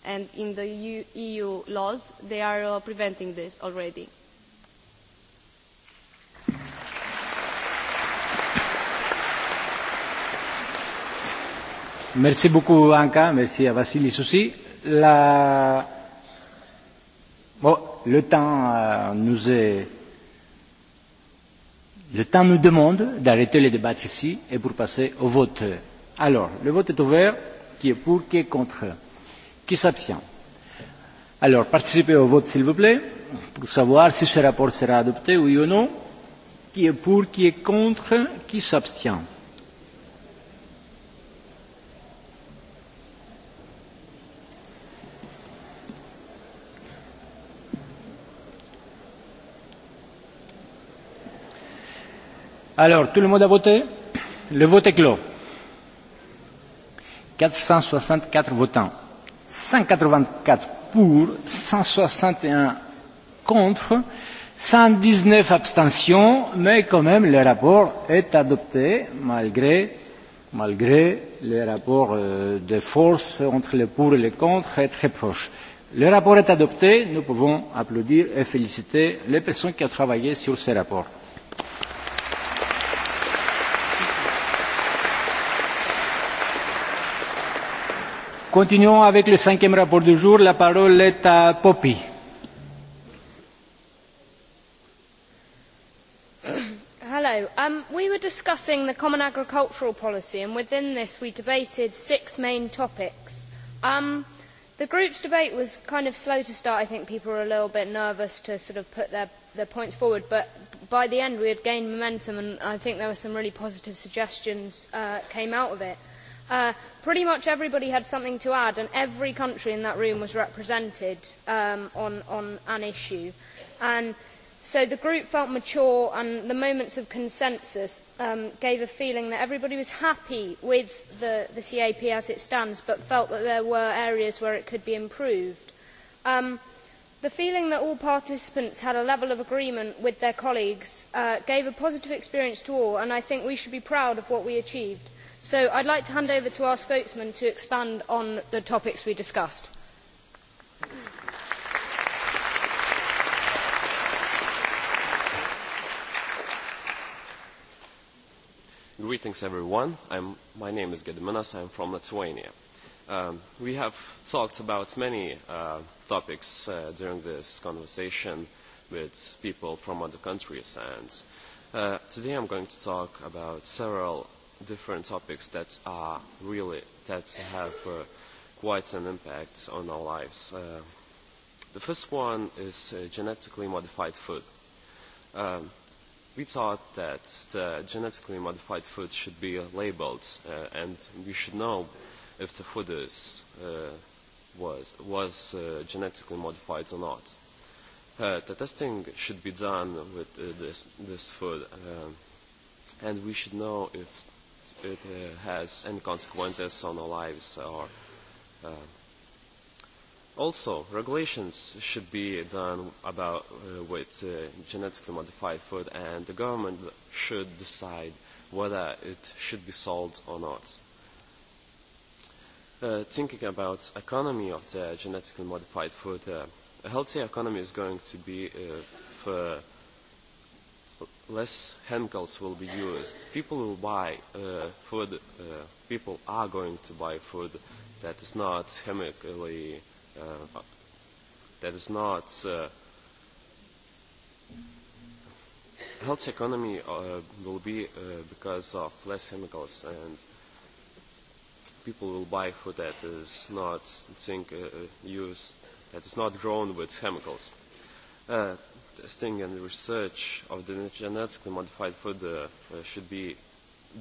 and in the EU laws they are preventing this already. Merci beaucoup Anka, merci à Vassili Soussi. La... Bon, le temps nous est... Le temps nous demande d'arrêter les débats ici et pour passer au vote. Alors, le vote est ouvert. Qui est pour, qui est contre Qui s'abstient Alors, participez au vote, s'il vous plaît, pour savoir si ce rapport sera adopté, oui ou non. Qui est pour, qui est contre, qui s'abstient Alors, tout le monde a voté Le vote est clos. 464 votants. 184 pour, 161 contre, 119 abstentions, mais quand même le rapport est adopté malgré, malgré le rapport de force entre les pour et les contre est très proche. Le rapport est adopté, nous pouvons applaudir et féliciter les personnes qui ont travaillé sur ce rapport. Continuons avec le cinquième rapport du jour. La parole est à Hello. We were discussing the common agricultural policy and within this we debated six main topics. The group's debate was kind of slow to start. I think people were a little bit nervous to sort of put their points forward, but by the end we had gained momentum and I think there were some really positive suggestions came out of it. Pretty much everybody had something to add and every country in that room was represented on an issue. so the group felt mature and the moments of consensus gave a feeling that everybody was happy with the CAP as it stands but felt that there were areas where it could be improved. The feeling that all participants had a level of agreement with their colleagues gave a positive experience to all and I think we should be proud of what we achieved so i would like to hand over to our spokesman to expand on the topics we discussed. Greetings everyone. My name is Gediminas. I'm from Lithuania. We have talked about many topics during this conversation with people from other countries and today I'm going to talk about several different topics that are really that have quite an impact on our lives. The first one is genetically modified food. We thought that the genetically modified food should be labeled and we should know if the food is was was genetically modified or not. The testing should be done with this food and we should know if it has any consequences on our lives or also regulations should be done about with genetically modified food and the government should decide whether it should be sold or not thinking about economy of the genetically modified food a healthy economy is going to be for less chemicals will be used. People will buy food. People are going to buy food that is not chemically, that is not health economy will be because of less chemicals and people will buy food that is not Think used, that is not grown with chemicals testing and research of the genetically modified food should be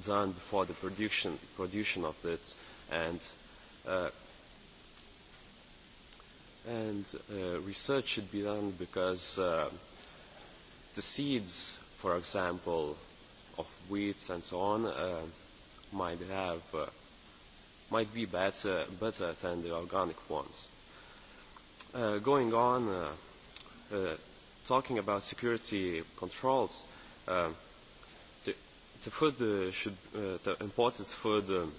done before the production production of it and and research should be done because the seeds for example of wheats and so on might have might be better better than the organic ones going on talking about security controls, the food should, the imported food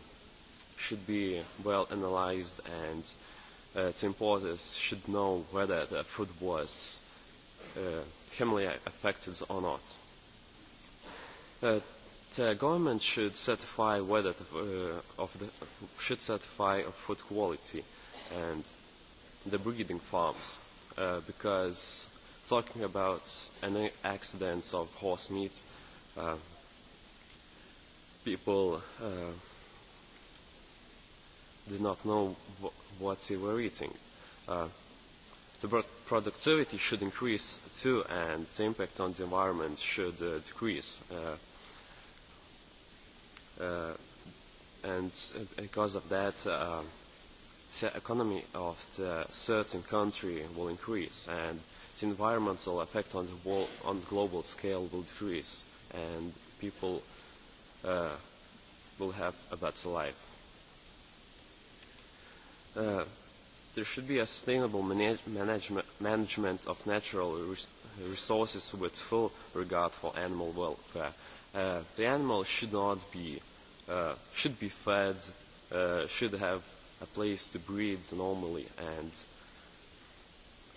should be well analyzed and the importers should know whether the food was heavily affected or not. The government should certify whether of the should certify of food quality and the breeding farms because talking about an accidents of horse meat, people did not know what they were eating. The productivity should increase too, and the impact on the environment should decrease. And because of that, the economy of the certain country will increase, and The environmental effect on the on global scale will decrease and people will have a better life. There should be a sustainable management of natural resources with full regard for animal welfare. The animal should not be, should be fed, should have a place to breed normally and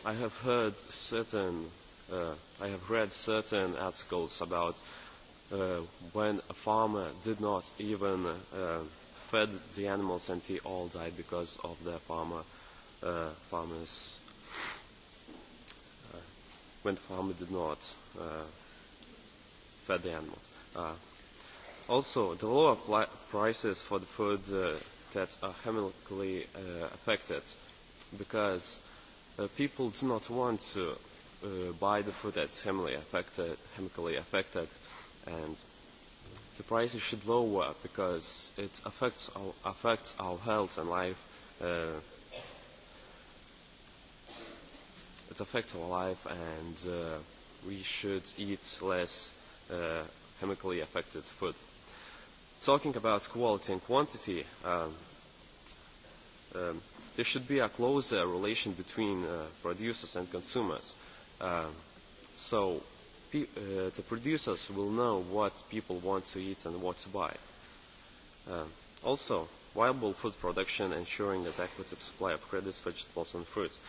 I have heard certain, I have read certain articles about when a farmer did not even fed the animals and they all died because of the farmer, farmers, when the farmer did not fed the animals. Also, the lower prices for the food that are chemically affected because people do not want to buy the food that's chemically affected, chemically affected, and the prices should lower because it affects our, affects our health and life. Uh, it affects our life, and uh, we should eat less uh, chemically affected food. Talking about quality and quantity. um, there should be a closer relation between producers and consumers. So the producers will know what people want to eat and what to buy. Also, viable food production ensuring an adequate supply of credits, vegetables and fruits.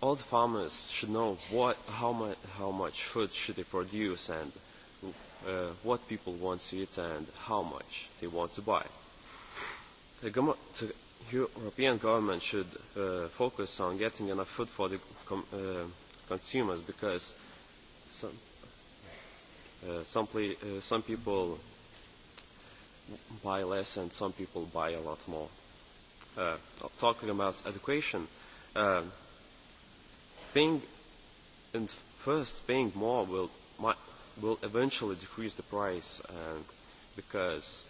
All the farmers should know what how much food should they produce and what people want to eat and how much they want to buy. European government should focus on getting enough food for the consumers because some some people buy less and some people buy a lot more. Talking about education, paying and first paying more will will eventually decrease the price and because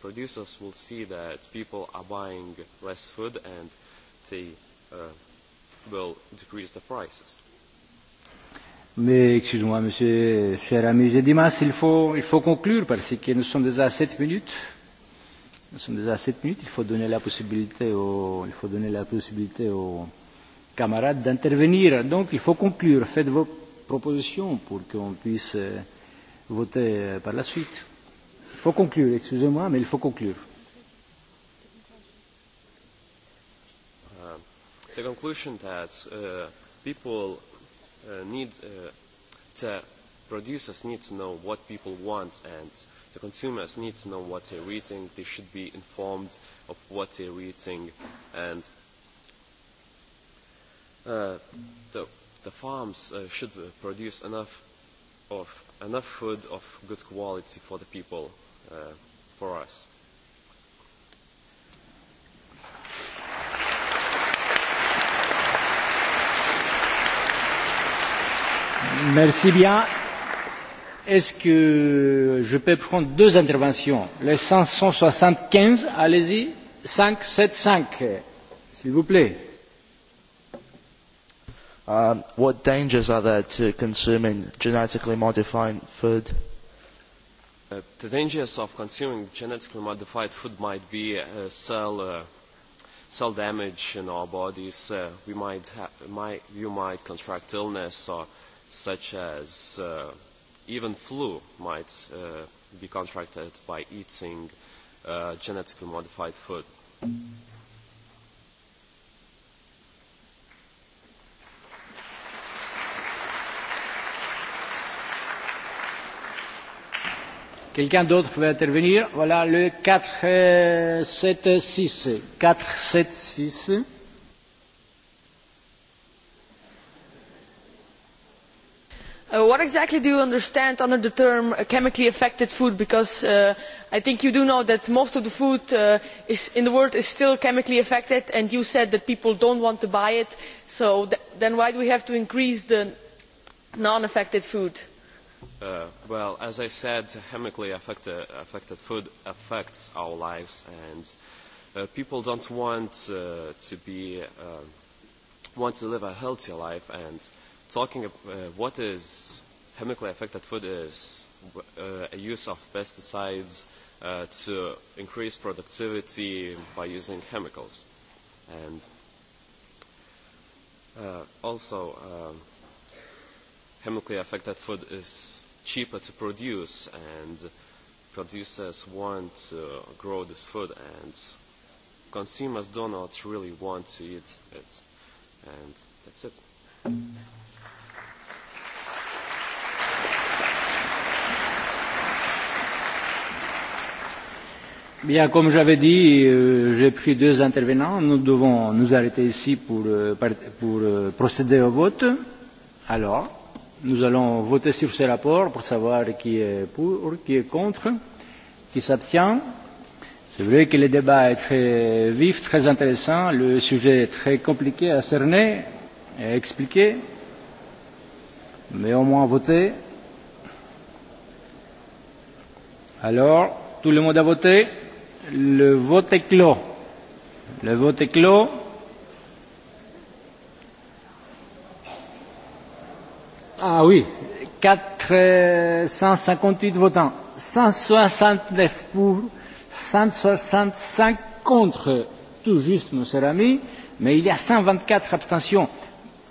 producers will see that people are buying less food and they will decrease the prices. Mais excusez-moi, monsieur, cher ami mince, il faut, il faut conclure parce que nous sommes déjà à 7 minutes. Nous sommes déjà à 7 minutes. Il faut donner la possibilité aux, il faut donner la possibilité aux camarades d'intervenir. Donc il faut conclure. Faites vos propositions pour qu'on puisse voter par la suite faut conclure, excusez-moi, The conclusion that people need the producers need to know what people want and the consumers need to know what they're eating. They should be informed of what they're eating, and the the farms should produce enough of enough food of good quality for the people for us. Merci bien. Est-ce que je peux prendre deux interventions Les 575, allez-y. 575, s'il vous plaît. What dangers are there to consuming genetically modified food? The dangers of consuming genetically modified food might be cell cell damage in our bodies. We might you might contract illness or such as even flu might be contracted by eating genetically modified food. Quelqu'un d'autre veut intervenir Voilà le 476. 476. What exactly do you understand under the term chemically affected food? Because I think you do know that most of the food in the world is still chemically affected, and you said that people don't want to buy it. So then why do we have to increase the non-affected food? Well, as I said, chemically affected food affects our lives, and people don't want to be want to live a healthy life. And talking about what is chemically affected food is a use of pesticides to increase productivity by using chemicals, and also chemically affected food is cheaper to produce and producers want to grow this food and consumers do not really want to eat it. And that's it. Bien, comme j'avais dit, j'ai pris deux intervenants. Nous devons nous arrêter ici pour, pour procéder au vote. Alors, Nous allons voter sur ce rapport pour savoir qui est pour, qui est contre, qui s'abstient. C'est vrai que le débat est très vif, très intéressant, le sujet est très compliqué à cerner et à expliquer, mais au moins voter. Alors, tout le monde a voté. Le vote est clos. Le vote est clos. Ah oui, 458 votants, 169 pour, 165 contre, tout juste, mon cher ami, mais il y a 124 abstentions.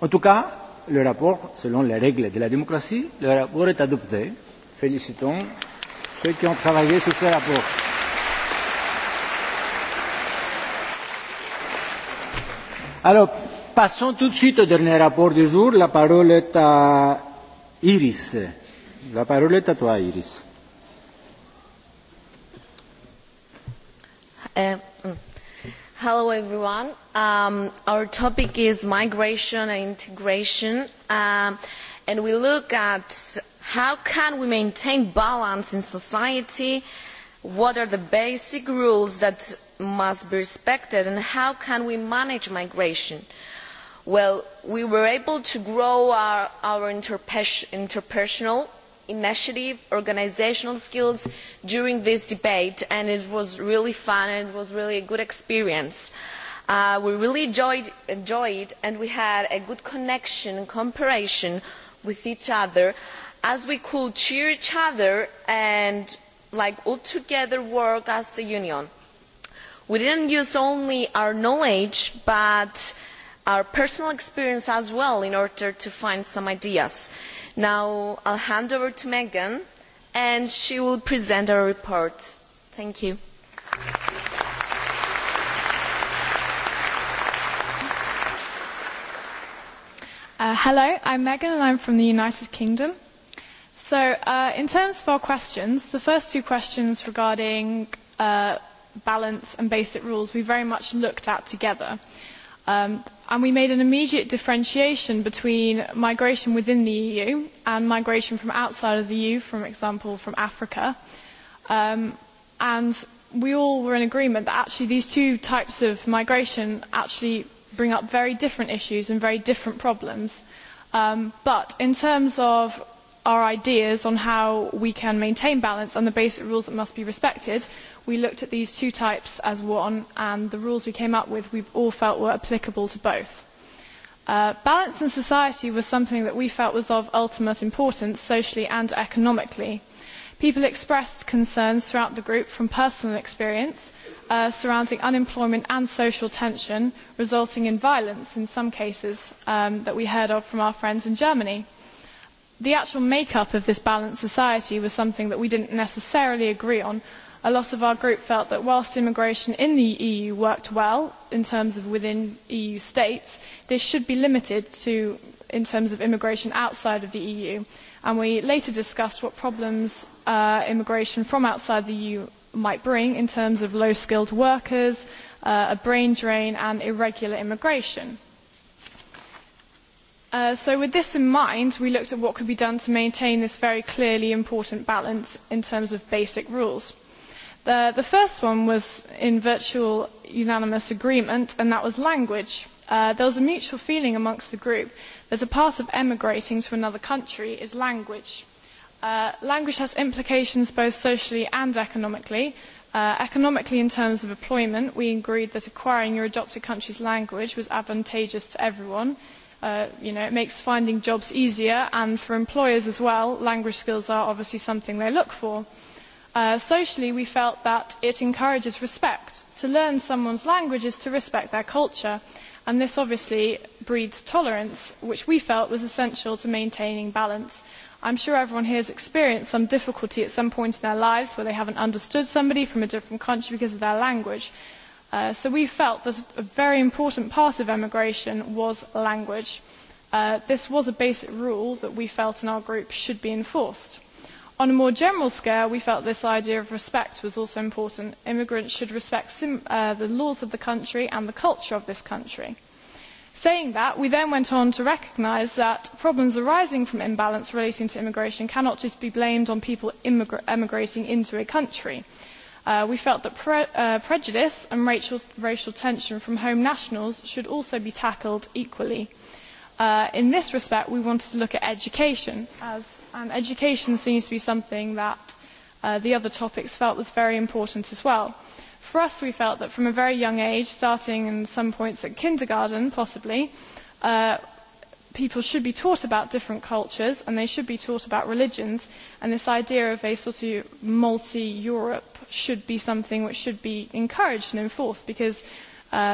En tout cas, le rapport, selon les règles de la démocratie, le rapport est adopté. Félicitons ceux qui ont travaillé sur ce rapport. Alors, Passons tout de suite au dernier rapport du jour. La parole est à Iris. La parole est à Iris. Hello, everyone. Our topic is migration and integration, and we look at how can we maintain balance in society, what are the basic rules that must be respected, and how can we manage migration well we were able to grow our interpersonal initiative organisational skills during this debate and it was really fun and it was really a good experience. we really enjoyed it and we had a good connection and cooperation with each other as we could cheer each other and like all together work as a union. we didn't use only our knowledge but our personal experience as well in order to find some ideas. Now I'll hand over to Megan and she will present our report. Thank you. Hello, I'm Megan and I'm from the United Kingdom. So in terms of our questions, the first two questions regarding balance and basic rules we very much looked at together and we made an immediate differentiation between migration within the eu and migration from outside of the eu for example from africa and we all were in agreement that actually these two types of migration actually bring up very different issues and very different problems but in terms of our ideas on how we can maintain balance and the basic rules that must be respected we looked at these two types as one and the rules we came up with we all felt were applicable to both. Balance in society was something that we felt was of ultimate importance socially and economically. People expressed concerns throughout the group from personal experience surrounding unemployment and social tension resulting in violence in some cases that we heard of from our friends in Germany. The actual make-up of this balanced society was something that we didn't necessarily agree on a lot of our group felt that whilst immigration in the eu worked well in terms of within eu states this should be limited to in terms of immigration outside of the eu and we later discussed what problems immigration from outside the eu might bring in terms of low skilled workers a brain drain and irregular immigration. So with this in mind, we looked at what could be done to maintain this very clearly important balance in terms of basic rules. The first one was in virtual unanimous agreement, and that was language. There was a mutual feeling amongst the group that a part of emigrating to another country is language. Language has implications both socially and economically. Economically, in terms of employment, we agreed that acquiring your adopted country's language was advantageous to everyone. It makes finding jobs easier, and for employers as well, language skills are obviously something they look for. Socially, we felt that it encourages respect. To learn someone's language is to respect their culture, and this obviously breeds tolerance, which we felt was essential to maintaining balance. I am sure everyone here has experienced some difficulty at some point in their lives where they haven't understood somebody from a different country because of their language. So we felt that a very important part of emigration was language. This was a basic rule that we felt in our group should be enforced. On a more general scale, we felt this idea of respect was also important. Immigrants should respect the laws of the country and the culture of this country. Saying that, we then went on to recognise that problems arising from imbalance relating to immigration cannot just be blamed on people emigrating into a country. We felt that prejudice and racial tension from home nationals should also be tackled equally in this respect we wanted to look at education as and education seems to be something that the other topics felt was very important as well. For us we felt that from a very young age, starting in some points at kindergarten possibly, people should be taught about different cultures and they should be taught about religions and this idea of a sort of multi Europe should be something which should be encouraged and enforced because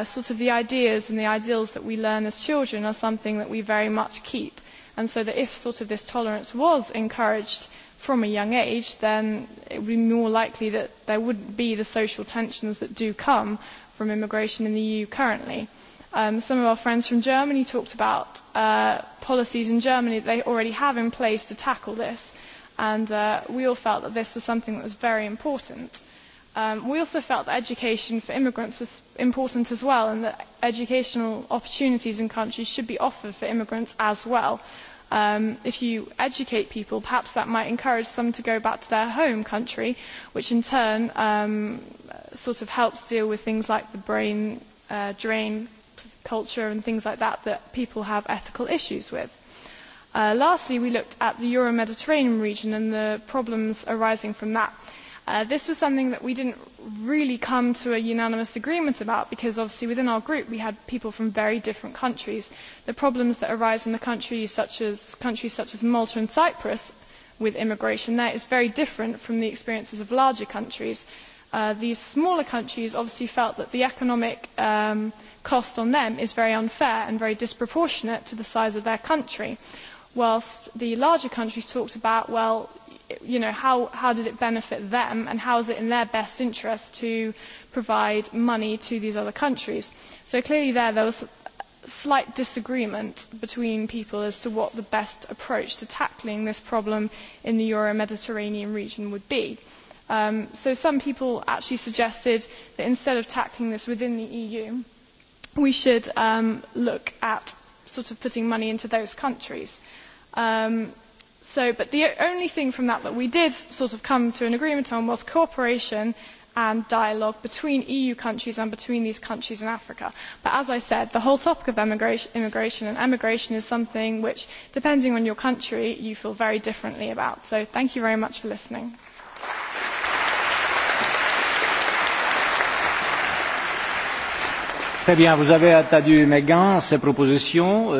sort of the ideas and the ideals that we learn as children are something that we very much keep. And so that if sort of this tolerance was encouraged from a young age, then it would be more likely that there wouldn't be the social tensions that do come from immigration in the EU currently. Some of our friends from Germany talked about policies in Germany that they already have in place to tackle this, and we all felt that this was something that was very important. We also felt that education for immigrants was important as well and that educational opportunities in countries should be offered for immigrants as well. If you educate people, perhaps that might encourage them to go back to their home country, which in turn sort of helps deal with things like the brain drain culture and things like that that people have ethical issues with. Lastly, we looked at the Euro-Mediterranean region and the problems arising from that. This was something that we didn't really come to a unanimous agreement about because obviously within our group we had people from very different countries. The problems that arise in the countries such as Malta and Cyprus with immigration there is very different from the experiences of larger countries. These smaller countries obviously felt that the economic cost on them is very unfair and very disproportionate to the size of their country, whilst the larger countries talked about, well, you know, how, how did it benefit them and how is it in their best interest to provide money to these other countries? So clearly there, there was slight disagreement between people as to what the best approach to tackling this problem in the Euro-Mediterranean region would be. So some people actually suggested that instead of tackling this within the EU, we should look at sort of putting money into those countries. So, but the only thing from that that we did sort of come to an agreement on was cooperation and dialogue between EU countries and between these countries in Africa. But as I said, the whole topic of immigration and emigration is something which, depending on your country, you feel very differently about. So thank you very much for listening. Très bien, vous avez attendu Megan, ses propositions.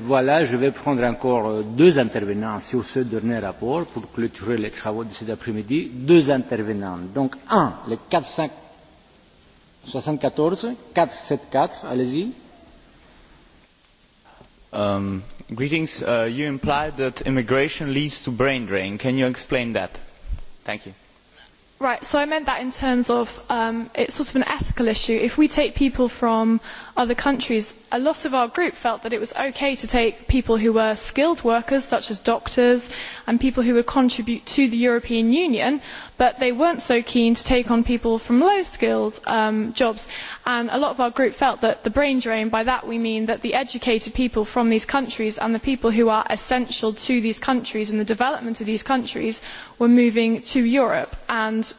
Voilà, je vais prendre encore deux intervenants sur ce dernier rapport pour clôturer les travaux de cet après-midi. Deux intervenants. Donc, un, le 474, 474, allez-y. Um, greetings. you implied that immigration leads to brain drain. Can you explain that? Thank you. Right, so I meant that in terms of it's sort of an ethical issue. If we take people from other countries, a lot of our group felt that it was okay to take people who were skilled workers, such as doctors and people who would contribute to the European Union, but they weren't so keen to take on people from low-skilled jobs. And a lot of our group felt that the brain drain, by that we mean that the educated people from these countries and the people who are essential to these countries and the development of these countries were moving to Europe. And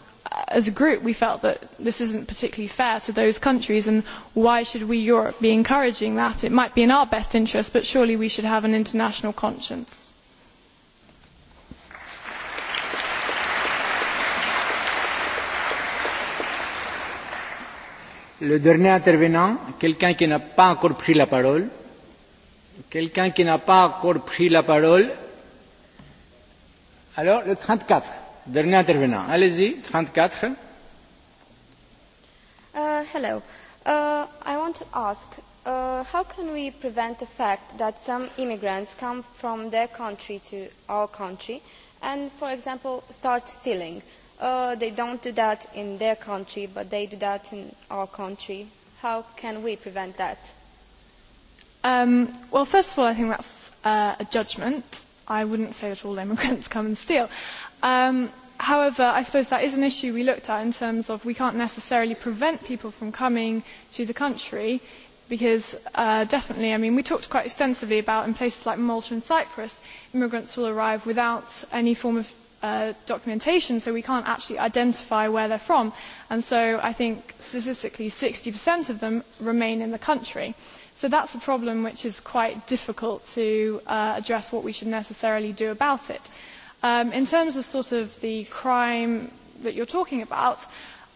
as a group we felt that this isn't particularly fair to those countries and why should we europe be encouraging that? it might be in our best interest but surely we should have an international conscience. Le dernier intervenant, quelqu'un qui n'a pas encore pris la parole, quelqu'un qui n'a pas encore pris la parole. Alors, le 34. Dernier intervenant. Allez-y, 34. Uh, hello. Uh, I want to ask, uh, how can we prevent the fact that some immigrants come from their country to our country and, for example, start stealing? Uh, they don't do that in their country, but they do that in our country. How can we prevent that? Um, well, first of all, I think that's uh, a judgment. I wouldn't say that all immigrants come and steal However, I suppose that is an issue we looked at in terms of we can't necessarily prevent people from coming to the country because definitely, I mean, we talked quite extensively about in places like Malta and Cyprus, immigrants will arrive without any form of documentation, so we can't actually identify where they're from. And so I think statistically 60% of them remain in the country. So that's a problem which is quite difficult to address what we should necessarily do about it. In terms of sort of the crime that you're talking about,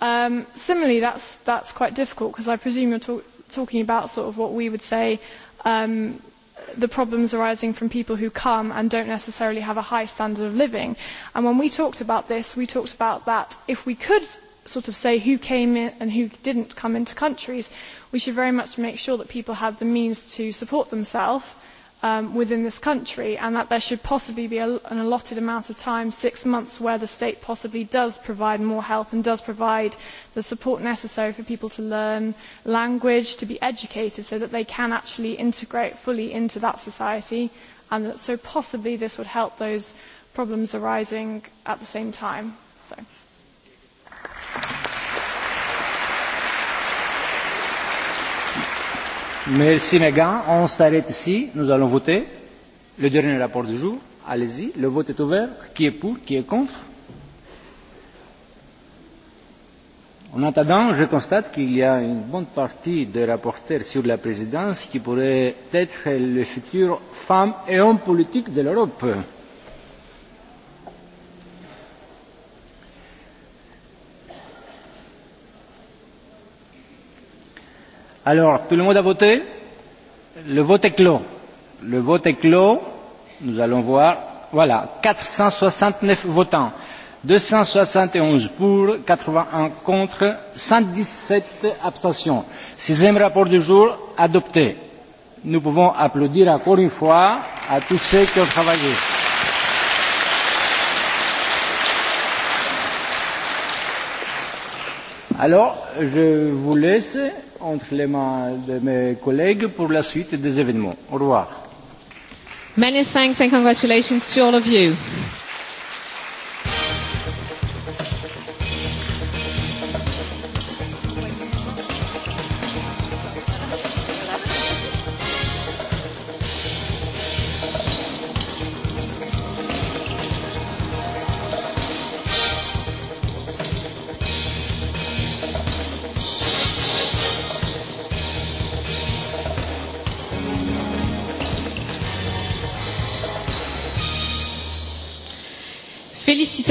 similarly that's that's quite difficult because I presume you're talking about sort of what we would say the problems arising from people who come and don't necessarily have a high standard of living. And when we talked about this, we talked about that if we could sort of say who came in and who didn't come into countries, we should very much make sure that people have the means to support themselves within this country and that there should possibly be an allotted amount of time, six months, where the state possibly does provide more help and does provide the support necessary for people to learn language, to be educated so that they can actually integrate fully into that society and that so possibly this would help those problems arising at the same time. Merci Megan. On s'arrête ici. Nous allons voter le dernier rapport du jour. Allez-y. Le vote est ouvert. Qui est pour Qui est contre En attendant, je constate qu'il y a une bonne partie des rapporteurs sur la présidence qui pourrait être les futures femmes et hommes politiques de l'Europe. Alors, tout le monde a voté Le vote est clos. Le vote est clos. Nous allons voir. Voilà, 469 votants. 271 pour, 81 contre, 117 abstentions. Sixième rapport du jour, adopté. Nous pouvons applaudir encore une fois à tous ceux qui ont travaillé. Alors, je vous laisse entre les mains de mes collègues pour la suite des événements. Au revoir. Many thanks and congratulations to all of you.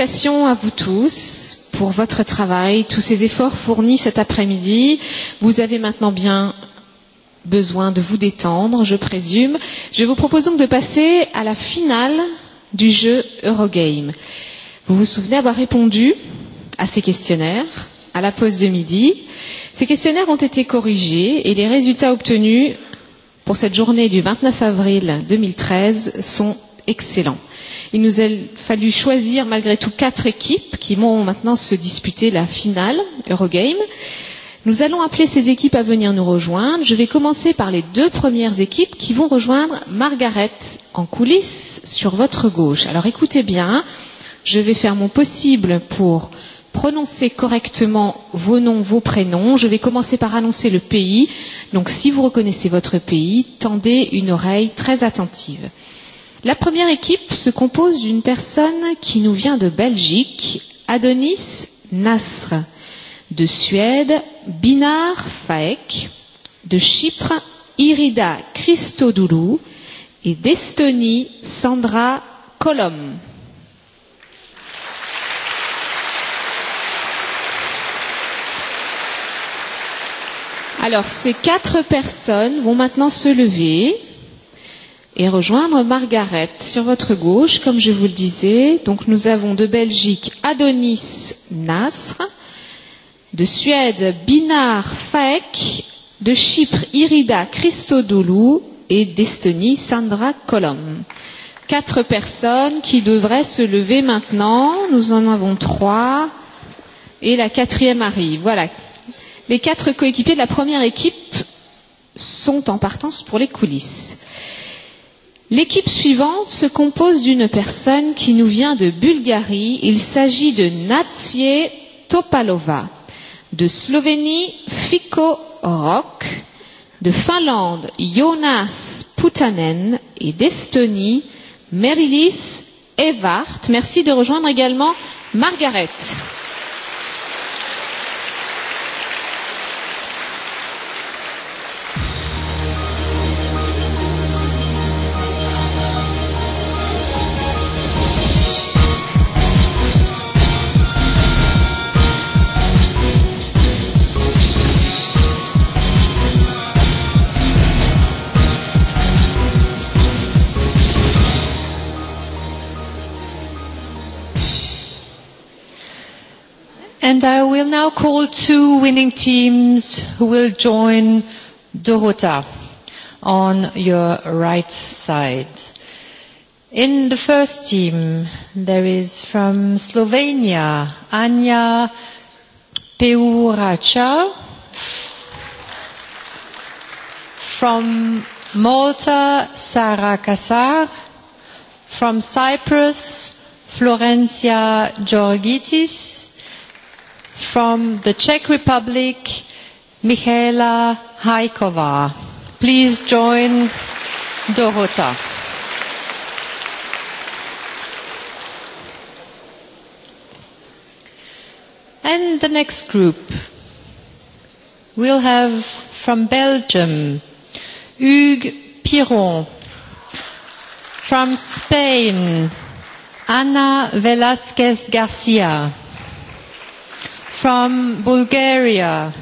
Félicitations à vous tous pour votre travail, tous ces efforts fournis cet après-midi. Vous avez maintenant bien besoin de vous détendre, je présume. Je vous propose donc de passer à la finale du jeu Eurogame. Vous vous souvenez avoir répondu à ces questionnaires à la pause de midi. Ces questionnaires ont été corrigés et les résultats obtenus pour cette journée du 29 avril 2013 sont excellent. Il nous a fallu choisir malgré tout quatre équipes qui vont maintenant se disputer la finale Eurogame. Nous allons appeler ces équipes à venir nous rejoindre. Je vais commencer par les deux premières équipes qui vont rejoindre Margaret en coulisses sur votre gauche. Alors écoutez bien, je vais faire mon possible pour prononcer correctement vos noms, vos prénoms. Je vais commencer par annoncer le pays. Donc si vous reconnaissez votre pays, tendez une oreille très attentive. La première équipe se compose d'une personne qui nous vient de Belgique, Adonis Nasr, de Suède, Binar Faek, de Chypre, Irida Christodoulou et d'Estonie, Sandra Kolom. Alors, ces quatre personnes vont maintenant se lever et rejoindre Margaret sur votre gauche, comme je vous le disais. Donc nous avons de Belgique Adonis Nasr, de Suède Binar Faek, de Chypre Irida Christodoulou et d'Estonie Sandra Kolom. Quatre personnes qui devraient se lever maintenant. Nous en avons trois. Et la quatrième arrive. Voilà. Les quatre coéquipiers de la première équipe sont en partance pour les coulisses. L'équipe suivante se compose d'une personne qui nous vient de Bulgarie. Il s'agit de Natie Topalova, de Slovénie Fiko Rock, de Finlande Jonas Putanen et d'Estonie Merilis Evart. Merci de rejoindre également Margaret. And I will now call two winning teams who will join Dorota on your right side. In the first team, there is from Slovenia, Anja Peuracha. From Malta, Sara Kassar. From Cyprus, Florencia Georgitis From the Czech Republic, Michaela Hajkova. Please join Dorota. And the next group. We'll have from Belgium, Hugues Piron. From Spain, Ana Velázquez Garcia from Bulgaria,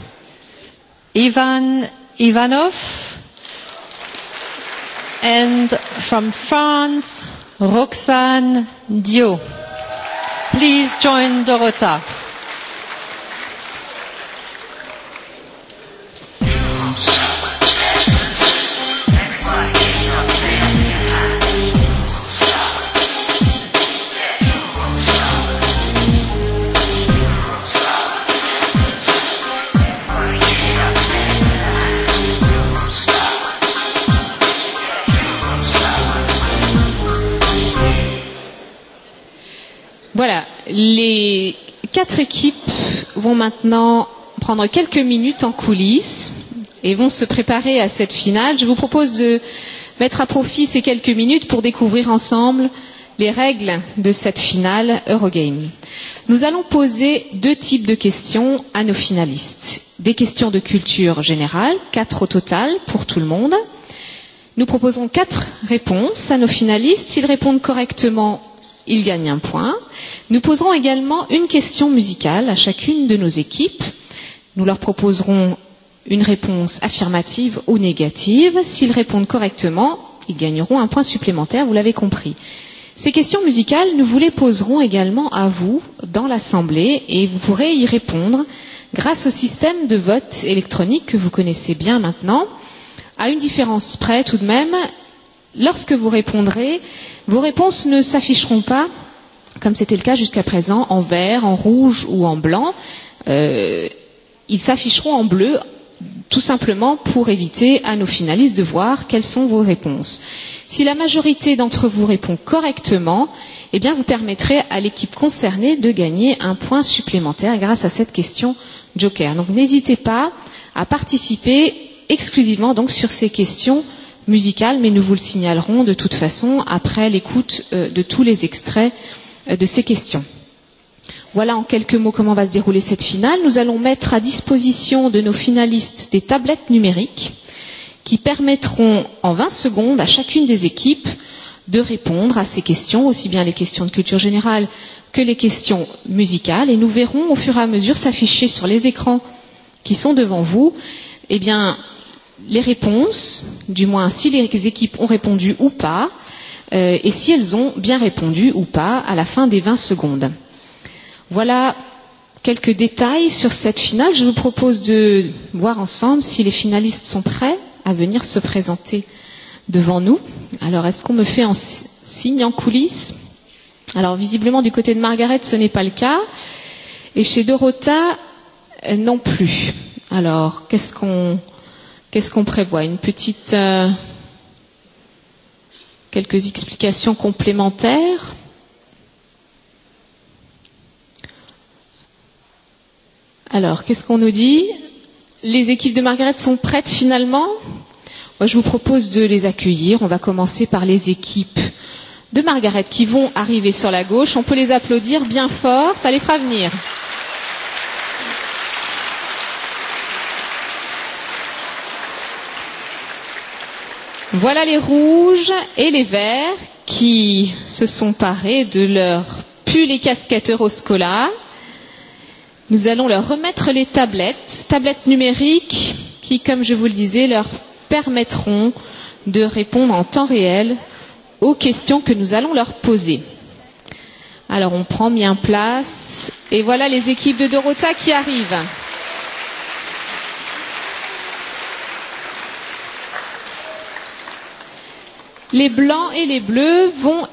Ivan Ivanov. And from France, Roxane Dio. Please join Dorota. Les quatre équipes vont maintenant prendre quelques minutes en coulisses et vont se préparer à cette finale. Je vous propose de mettre à profit ces quelques minutes pour découvrir ensemble les règles de cette finale Eurogame. Nous allons poser deux types de questions à nos finalistes. Des questions de culture générale, quatre au total pour tout le monde. Nous proposons quatre réponses à nos finalistes. S'ils répondent correctement, il gagne un point. Nous poserons également une question musicale à chacune de nos équipes. Nous leur proposerons une réponse affirmative ou négative. S'ils répondent correctement, ils gagneront un point supplémentaire, vous l'avez compris. Ces questions musicales, nous vous les poserons également à vous dans l'Assemblée et vous pourrez y répondre grâce au système de vote électronique que vous connaissez bien maintenant. À une différence près tout de même, Lorsque vous répondrez, vos réponses ne s'afficheront pas, comme c'était le cas jusqu'à présent, en vert, en rouge ou en blanc. Ils s'afficheront en bleu, tout simplement pour éviter à nos finalistes de voir quelles sont vos réponses. Si la majorité d'entre vous répond correctement, eh bien vous permettrez à l'équipe concernée de gagner un point supplémentaire grâce à cette question joker. Donc n'hésitez pas à participer exclusivement donc sur ces questions musical, mais nous vous le signalerons de toute façon après l'écoute de tous les extraits de ces questions. Voilà en quelques mots comment va se dérouler cette finale. Nous allons mettre à disposition de nos finalistes des tablettes numériques qui permettront en 20 secondes à chacune des équipes de répondre à ces questions, aussi bien les questions de culture générale que les questions musicales. Et nous verrons au fur et à mesure s'afficher sur les écrans qui sont devant vous eh bien, les réponses, du moins si les équipes ont répondu ou pas, et si elles ont bien répondu ou pas à la fin des 20 secondes. Voilà quelques détails sur cette finale. Je vous propose de voir ensemble si les finalistes sont prêts à venir se présenter devant nous. Alors, est-ce qu'on me fait un signe en coulisses Alors, visiblement, du côté de Margaret, ce n'est pas le cas. Et chez Dorota, non plus. Alors, qu'est-ce qu'on Qu'est-ce qu'on prévoit Une petite. Quelques explications complémentaires Alors, qu'est-ce qu'on nous dit Les équipes de Margaret sont prêtes finalement Moi, je vous propose de les accueillir. On va commencer par les équipes de Margaret qui vont arriver sur la gauche. On peut les applaudir bien fort, ça les fera venir. Voilà les rouges et les verts qui se sont parés de leur pull et casquette Euroscola. Nous allons leur remettre les tablettes, tablettes numériques qui, comme je vous le disais, leur permettront de répondre en temps réel aux questions que nous allons leur poser. Alors on prend bien place et voilà les équipes de Dorota qui arrivent. Les blancs et les bleus vont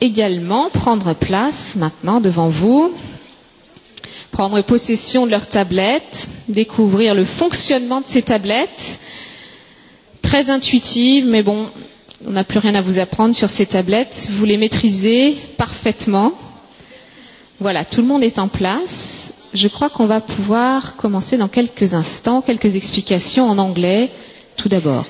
également prendre place maintenant devant vous, prendre possession de leurs tablettes, découvrir le fonctionnement de ces tablettes. Très intuitive, mais bon, on n'a plus rien à vous apprendre sur ces tablettes. Vous les maîtrisez parfaitement. Voilà, tout le monde est en place. Je crois qu'on va pouvoir commencer dans quelques instants, quelques explications en anglais tout d'abord.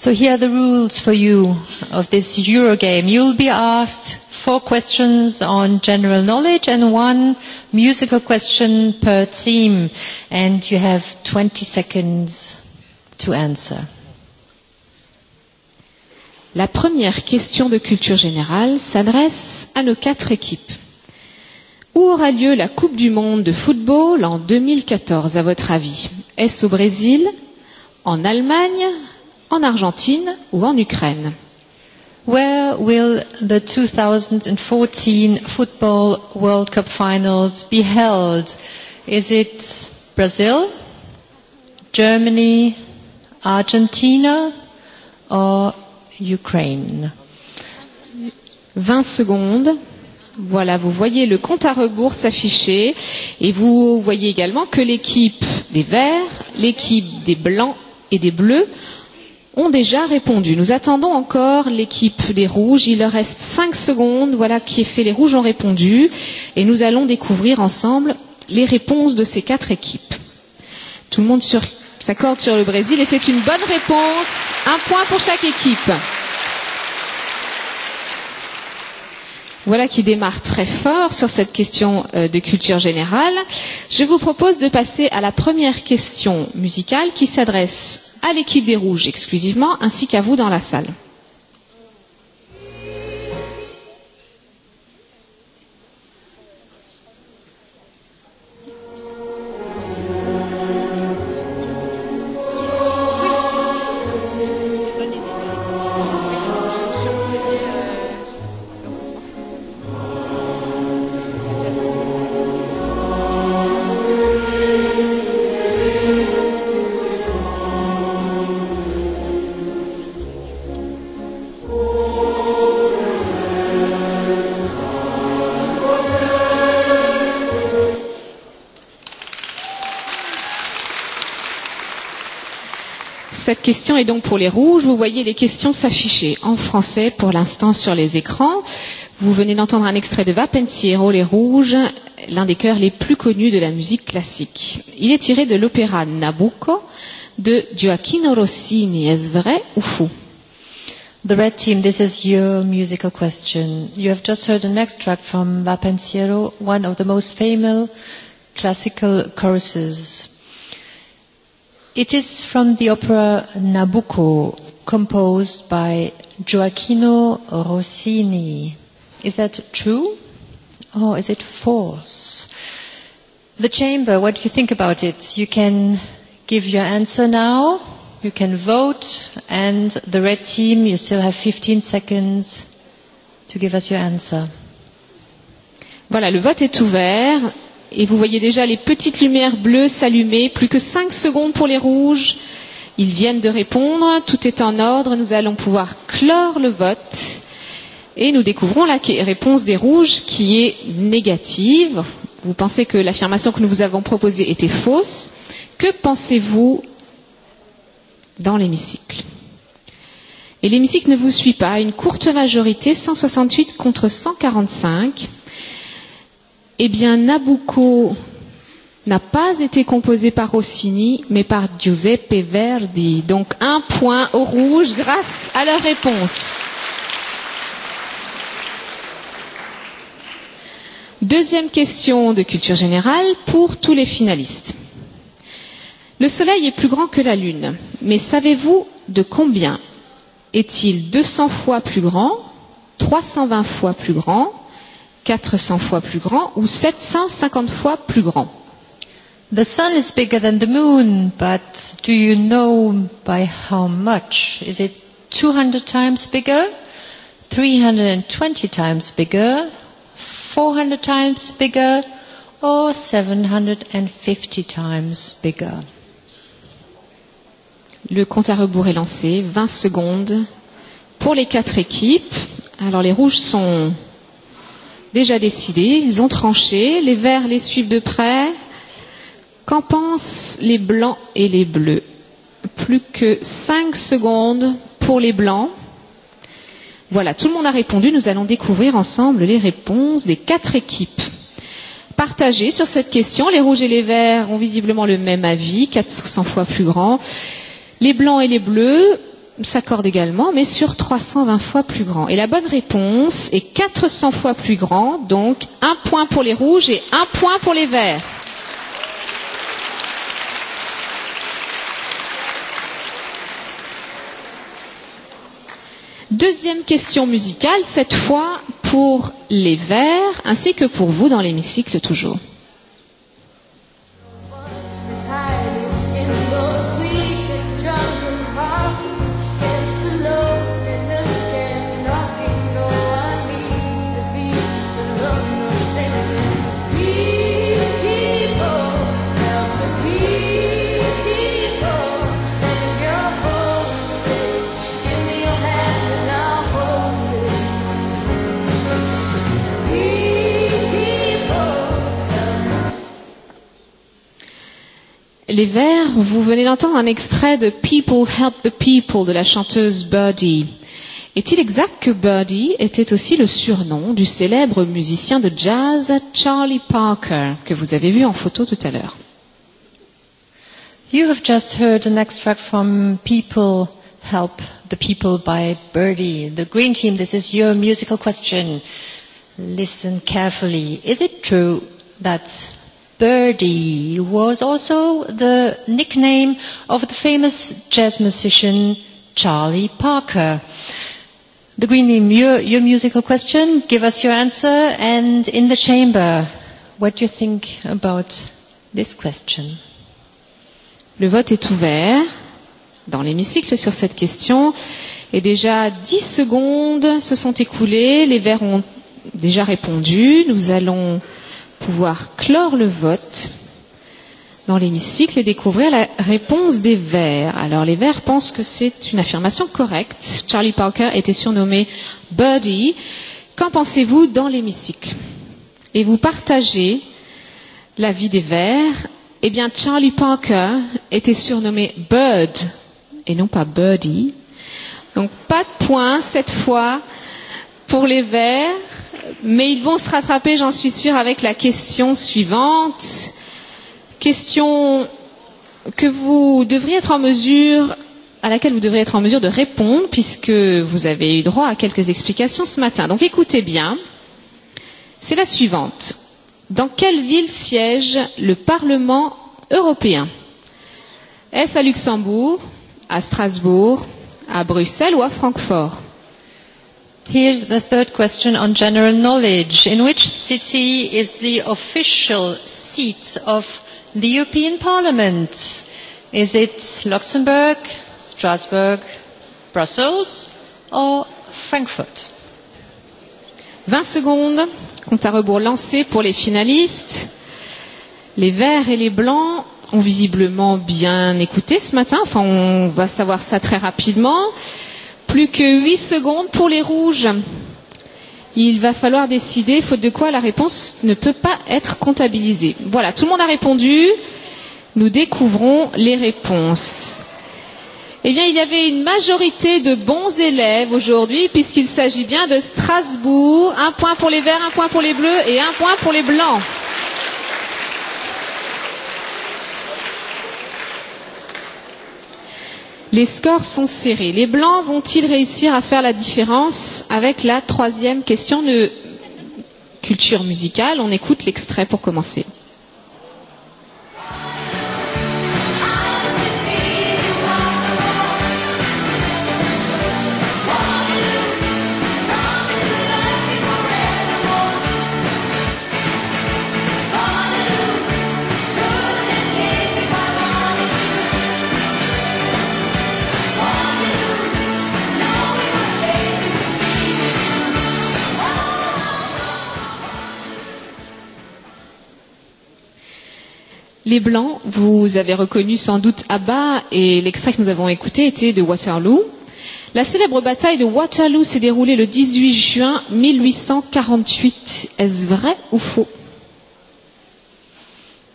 So here are the rules for you of this Eurogame. You'll be asked four questions on general knowledge and one musical question per team. And you have 20 seconds to answer. La première question de culture générale s'adresse à nos quatre équipes. Où aura lieu la Coupe du Monde de football en 2014, à votre avis Est-ce au Brésil En Allemagne en Argentine ou en Ukraine. Where will the 2014 Football World Cup Finals be held? Is it Brazil, Germany, Argentina or Ukraine? 20 secondes. Voilà, vous voyez le compte à rebours s'afficher et vous voyez également que l'équipe des Verts, l'équipe des Blancs et des Bleus ont déjà répondu. Nous attendons encore l'équipe des rouges. Il leur reste 5 secondes. Voilà qui est fait. Les rouges ont répondu. Et nous allons découvrir ensemble les réponses de ces quatre équipes. Tout le monde s'accorde sur le Brésil et c'est une bonne réponse. Un point pour chaque équipe. Voilà qui démarre très fort sur cette question de culture générale. Je vous propose de passer à la première question musicale qui s'adresse à l'équipe des Rouges exclusivement, ainsi qu'à vous dans la salle. question est donc pour les rouges. Vous voyez les questions s'afficher en français pour l'instant sur les écrans. Vous venez d'entendre un extrait de Vapentiero, les rouges, l'un des chœurs les plus connus de la musique classique. Il est tiré de l'opéra Nabucco de Gioacchino Rossini. Est-ce vrai ou faux The red team, this is your musical question. You have just heard an extract from Vapensiero, one of the most famous classical choruses. It is from the opera Nabucco, composed by Gioacchino Rossini. Is that true or is it false? The chamber, what do you think about it? You can give your answer now. You can vote. And the red team, you still have 15 seconds to give us your answer. Voilà, le vote est ouvert. Et vous voyez déjà les petites lumières bleues s'allumer. Plus que 5 secondes pour les rouges. Ils viennent de répondre. Tout est en ordre. Nous allons pouvoir clore le vote. Et nous découvrons la réponse des rouges qui est négative. Vous pensez que l'affirmation que nous vous avons proposée était fausse. Que pensez-vous dans l'hémicycle Et l'hémicycle ne vous suit pas. Une courte majorité, 168 contre 145. Eh bien, Nabucco n'a pas été composé par Rossini, mais par Giuseppe Verdi. Donc, un point au rouge grâce à la réponse. Deuxième question de culture générale pour tous les finalistes. Le Soleil est plus grand que la Lune, mais savez-vous de combien Est-il 200 fois plus grand, 320 fois plus grand 400 fois plus grand ou 750 fois plus grand. The sun is bigger than the moon, but do you know by how much? Is it 200 times bigger? 320 times bigger? 400 times bigger? Or 750 times bigger? Le compte à rebours est lancé. 20 secondes pour les quatre équipes. Alors les rouges sont déjà décidé, ils ont tranché, les verts les suivent de près. Qu'en pensent les blancs et les bleus Plus que 5 secondes pour les blancs. Voilà, tout le monde a répondu. Nous allons découvrir ensemble les réponses des quatre équipes. Partagées sur cette question, les rouges et les verts ont visiblement le même avis, 400 fois plus grand. Les blancs et les bleus s'accorde également, mais sur 320 fois plus grand. Et la bonne réponse est 400 fois plus grand, donc un point pour les rouges et un point pour les verts. Deuxième question musicale, cette fois pour les verts, ainsi que pour vous dans l'hémicycle toujours. Les Verts, vous venez d'entendre un extrait de People Help the People de la chanteuse Birdie. Est-il exact que Birdie était aussi le surnom du célèbre musicien de jazz Charlie Parker, que vous avez vu en photo tout à l'heure You have just heard an extract from People Help the People by Birdie. The Green Team, this is your musical question. Listen carefully. Is it true that Birdie was also the nickname of the famous jazz musician Charlie Parker. The Green Room, your musical question, give us your answer, and in the chamber, what do you think about this question? Le vote est ouvert dans l'hémicycle sur cette question, et déjà 10 secondes se sont écoulées, les verts ont déjà répondu, nous allons pouvoir clore le vote dans l'hémicycle et découvrir la réponse des Verts. Alors les Verts pensent que c'est une affirmation correcte. Charlie Parker était surnommé Birdie. Qu'en pensez-vous dans l'hémicycle Et vous partagez l'avis des Verts. Eh bien, Charlie Parker était surnommé Bird et non pas Birdie. Donc pas de point cette fois pour les Verts mais ils vont se rattraper, j'en suis sûre, avec la question suivante. Question que vous devriez être en mesure, à laquelle vous devriez être en mesure de répondre, puisque vous avez eu droit à quelques explications ce matin. Donc écoutez bien. C'est la suivante. Dans quelle ville siège le Parlement européen Est-ce à Luxembourg, à Strasbourg, à Bruxelles ou à Francfort Here's the third question on general knowledge. In which city is the official seat of the European Parliament? Is it Luxembourg, Strasbourg, Brussels or Frankfurt? 20 secondes, compte à rebours lancé pour les finalistes. Les verts et les blancs ont visiblement bien écouté ce matin. Enfin, on va savoir ça très rapidement. Plus que 8 secondes pour les rouges. Il va falloir décider, faute de quoi la réponse ne peut pas être comptabilisée. Voilà, tout le monde a répondu. Nous découvrons les réponses. Eh bien, il y avait une majorité de bons élèves aujourd'hui, puisqu'il s'agit bien de Strasbourg. Un point pour les verts, un point pour les bleus et un point pour les blancs. Les scores sont serrés. Les blancs vont-ils réussir à faire la différence avec la troisième question de culture musicale On écoute l'extrait pour commencer. Les Blancs, vous avez reconnu sans doute Abba et l'extrait que nous avons écouté était de Waterloo. La célèbre bataille de Waterloo s'est déroulée le 18 juin 1848. Est-ce vrai ou faux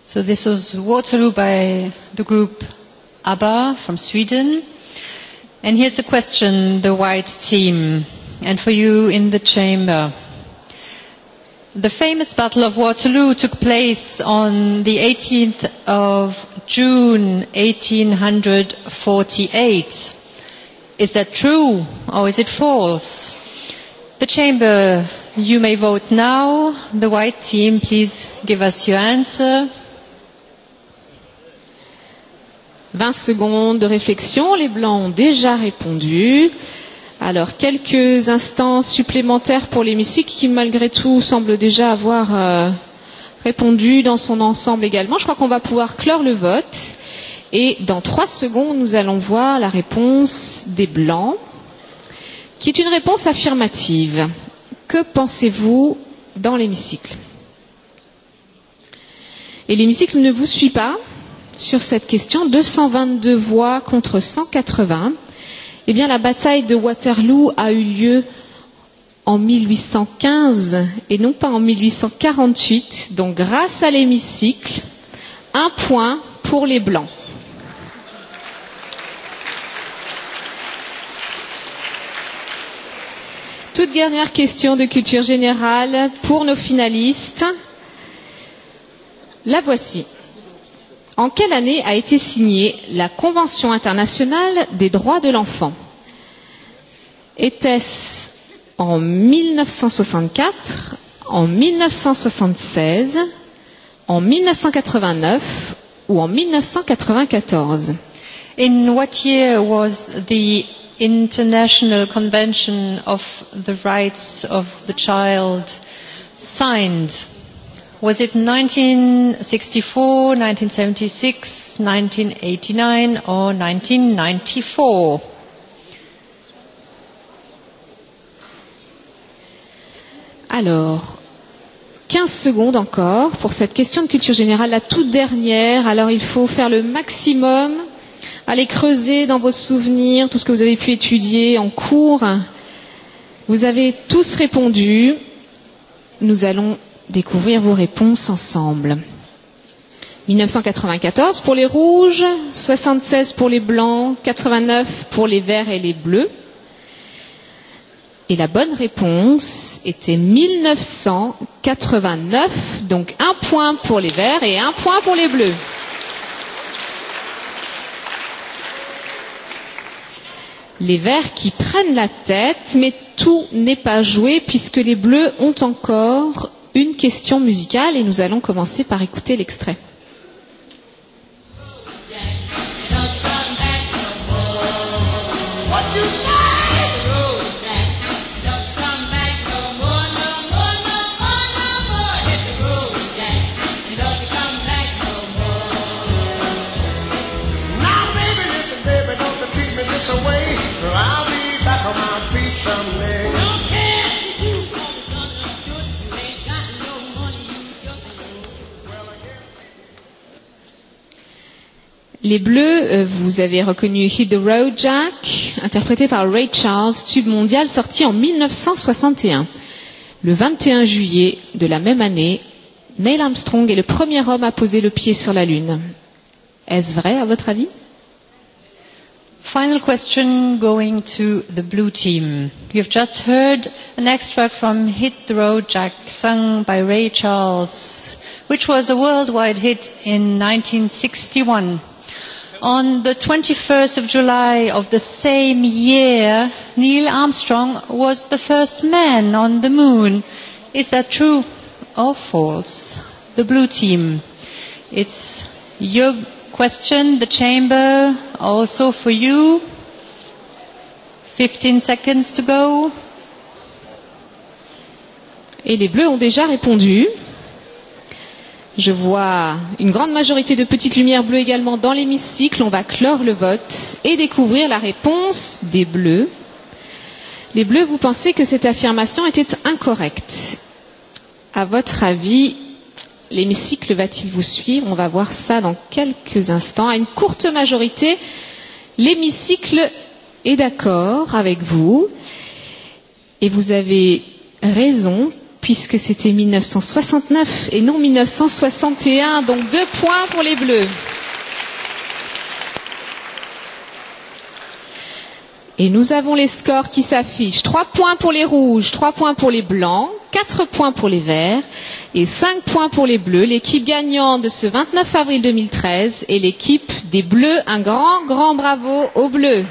So this was Waterloo by the group ABBA from Sweden. And here's the question, the white team. And for you in the chamber. The famous Battle of Waterloo took place on the 18th of June 1848. Is that true or is it false? The chamber, you may vote now. The white team, please give us your answer. 20 seconds de réflexion. Les blancs ont déjà répondu. Alors, quelques instants supplémentaires pour l'hémicycle qui, malgré tout, semble déjà avoir répondu dans son ensemble également. Je crois qu'on va pouvoir clore le vote. Et dans trois secondes, nous allons voir la réponse des Blancs, qui est une réponse affirmative. Que pensez-vous dans l'hémicycle Et l'hémicycle ne vous suit pas sur cette question. 222 voix contre 180. Eh bien, la bataille de Waterloo a eu lieu en 1815 et non pas en 1848. Donc, grâce à l'hémicycle, un point pour les Blancs. Toute dernière question de culture générale pour nos finalistes. La voici. En quelle année a été signée la Convention internationale des droits de l'enfant Était-ce en 1964, en 1976, en 1989 ou en 1994 In what year was the International Convention of the Rights of the Child signed Was it 1964, 1976, 1989 or 1994? Alors, 15 secondes encore pour cette question de culture générale, la toute dernière. Alors, il faut faire le maximum, aller creuser dans vos souvenirs, tout ce que vous avez pu étudier en cours. Vous avez tous répondu. Nous allons découvrir vos réponses ensemble. 1994 pour les rouges, 76 pour les blancs, 89 pour les verts et les bleus. Et la bonne réponse était 1989, donc un point pour les verts et un point pour les bleus. Les verts qui prennent la tête, mais tout n'est pas joué puisque les bleus ont encore une question musicale et nous allons commencer par écouter l'extrait. Les Bleus, vous avez reconnu Hit the Road Jack, interprété par Ray Charles, tube mondial sorti en 1961. Le 21 juillet de la même année, Neil Armstrong est le premier homme à poser le pied sur la Lune. Est-ce vrai, à votre avis Final question going to the blue team. You've just heard an extract from Hit the Road Jack, sung by Ray Charles, which was a worldwide hit in 1961. On the 21st of July of the same year, Neil Armstrong was the first man on the moon. Is that true or false? The blue team. It's your question, the chamber, also for you. 15 seconds to go. Et les bleus ont déjà répondu. Je vois une grande majorité de petites lumières bleues également dans l'hémicycle. On va clore le vote et découvrir la réponse des bleus. Les bleus, vous pensez que cette affirmation était incorrecte. À votre avis, l'hémicycle va-t-il vous suivre On va voir ça dans quelques instants. À une courte majorité, l'hémicycle est d'accord avec vous. Et vous avez raison puisque c'était 1969 et non 1961, donc deux points pour les Bleus. Et nous avons les scores qui s'affichent. trois points pour les rouges, trois points pour les blancs, quatre points pour les verts et cinq points pour les bleus. L'équipe gagnante de ce 29 avril 2013 est l'équipe des bleus. Un grand, grand bravo aux bleus.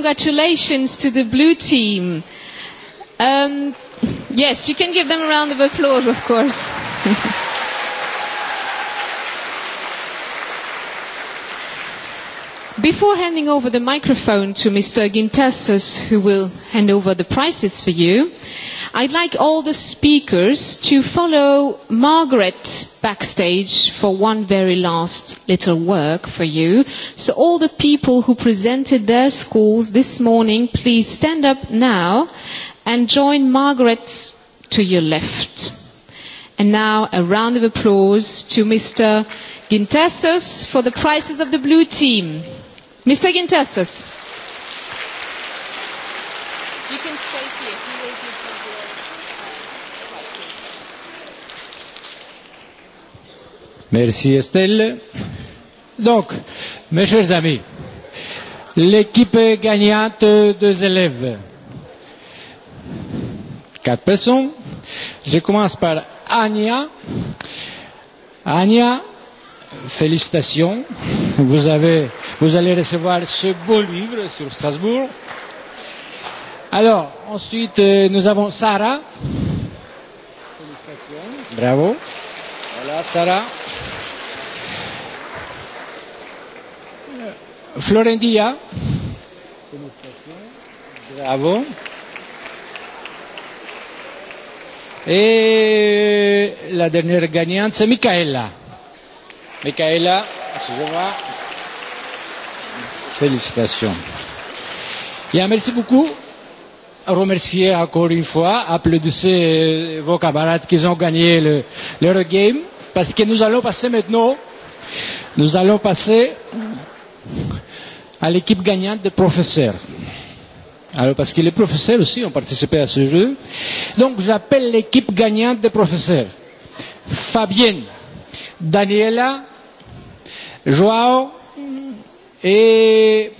congratulations to the blue team. Yes, you can give them a round of applause, of course. Before handing over the microphone to Mr. Gintasos, who will hand over the prizes for you, I'd like all the speakers to follow Margaret backstage for one very last little work for you. So all the people who presented their schools this morning, please stand up now and join Margaret to your left. And now a round of applause to Mr. Gintasos for the prizes of the blue team. Mr. Gintessus. You can stay here. He will give you your prices. Merci Estelle. Donc, mes chers amis, l'équipe gagnante des élèves. Quatre personnes. Je commence par Anya. Anya, Félicitations. Vous, avez, vous allez recevoir ce beau livre sur Strasbourg. Alors, ensuite, nous avons Sarah. Félicitations. Bravo. Voilà, Sarah. Florendia. Félicitations. Bravo. Et la dernière gagnante, c'est Michaela. Michaela, excusez-moi. Félicitations. μέρση merci beaucoup. Remercier encore une fois, applaudissez vos camarades qui ont gagné le, game, parce que nous allons passer maintenant, nous allons passer à l'équipe gagnante des professeurs. Alors, parce que les professeurs aussi ont participé à ce jeu. Donc, j'appelle l'équipe gagnante des professeurs. Fabienne, Daniela, Joao et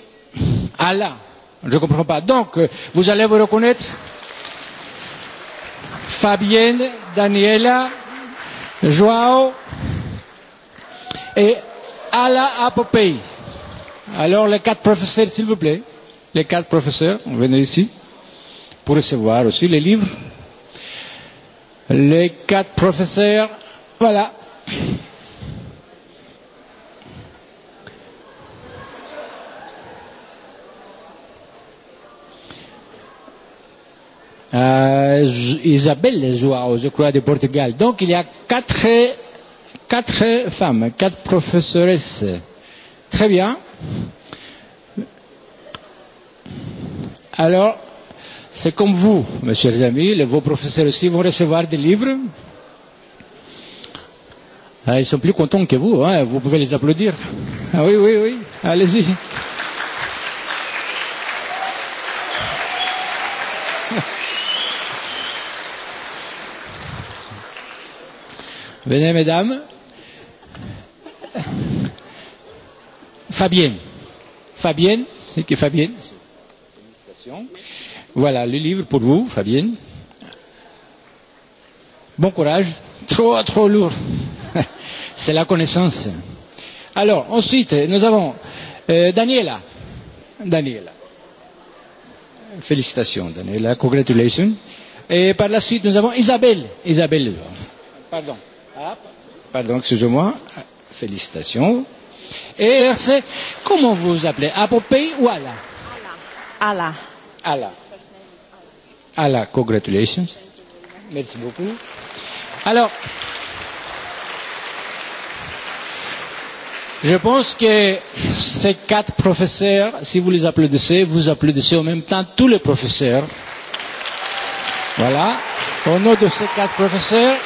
Alain. Je ne comprends pas. Donc, vous allez vous reconnaître. Fabienne, Daniela, Joao et Ala Apopei. Alors, les quatre professeurs, s'il vous plaît. Les quatre professeurs, venez ici pour recevoir aussi les livres. Les quatre professeurs, voilà. Isabelle Joao, je crois, de Portugal. Donc il y a quatre, quatre femmes, quatre professeuresses. Très bien. Alors, c'est comme vous, mes chers amis, vos professeurs aussi vont recevoir des livres. Ils sont plus contents que vous, hein. vous pouvez les applaudir. oui, oui, oui, allez-y. Venez, mesdames. Fabienne. Fabienne, c'est qui Fabienne. Voilà, le livre pour vous, Fabienne. Bon courage. Trop, trop lourd. C'est la connaissance. Alors, ensuite, nous avons euh, Daniela. Daniela. Félicitations, Daniela. Congratulations. Et par la suite, nous avons Isabelle. Isabelle. Pardon. Pardon, excusez-moi. Félicitations. Et c'est comment vous vous appelez Apopé ou Ala Ala. Ala. Ala, congratulations. Merci beaucoup. Alors, je pense que ces quatre professeurs, si vous les applaudissez, vous applaudissez en même temps tous les professeurs. Voilà. Au nom de ces quatre professeurs,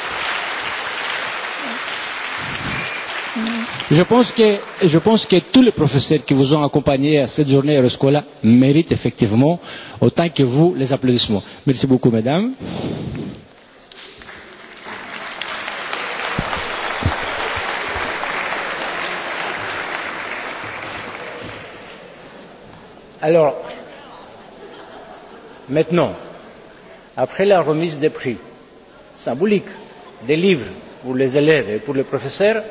Je pense que, je pense que tous les professeurs qui vous ont accompagné à cette journée Euroscola méritent effectivement autant que vous les applaudissements. Merci beaucoup, mesdames. Alors, maintenant, après la remise des prix symboliques des livres pour les élèves et pour les professeurs,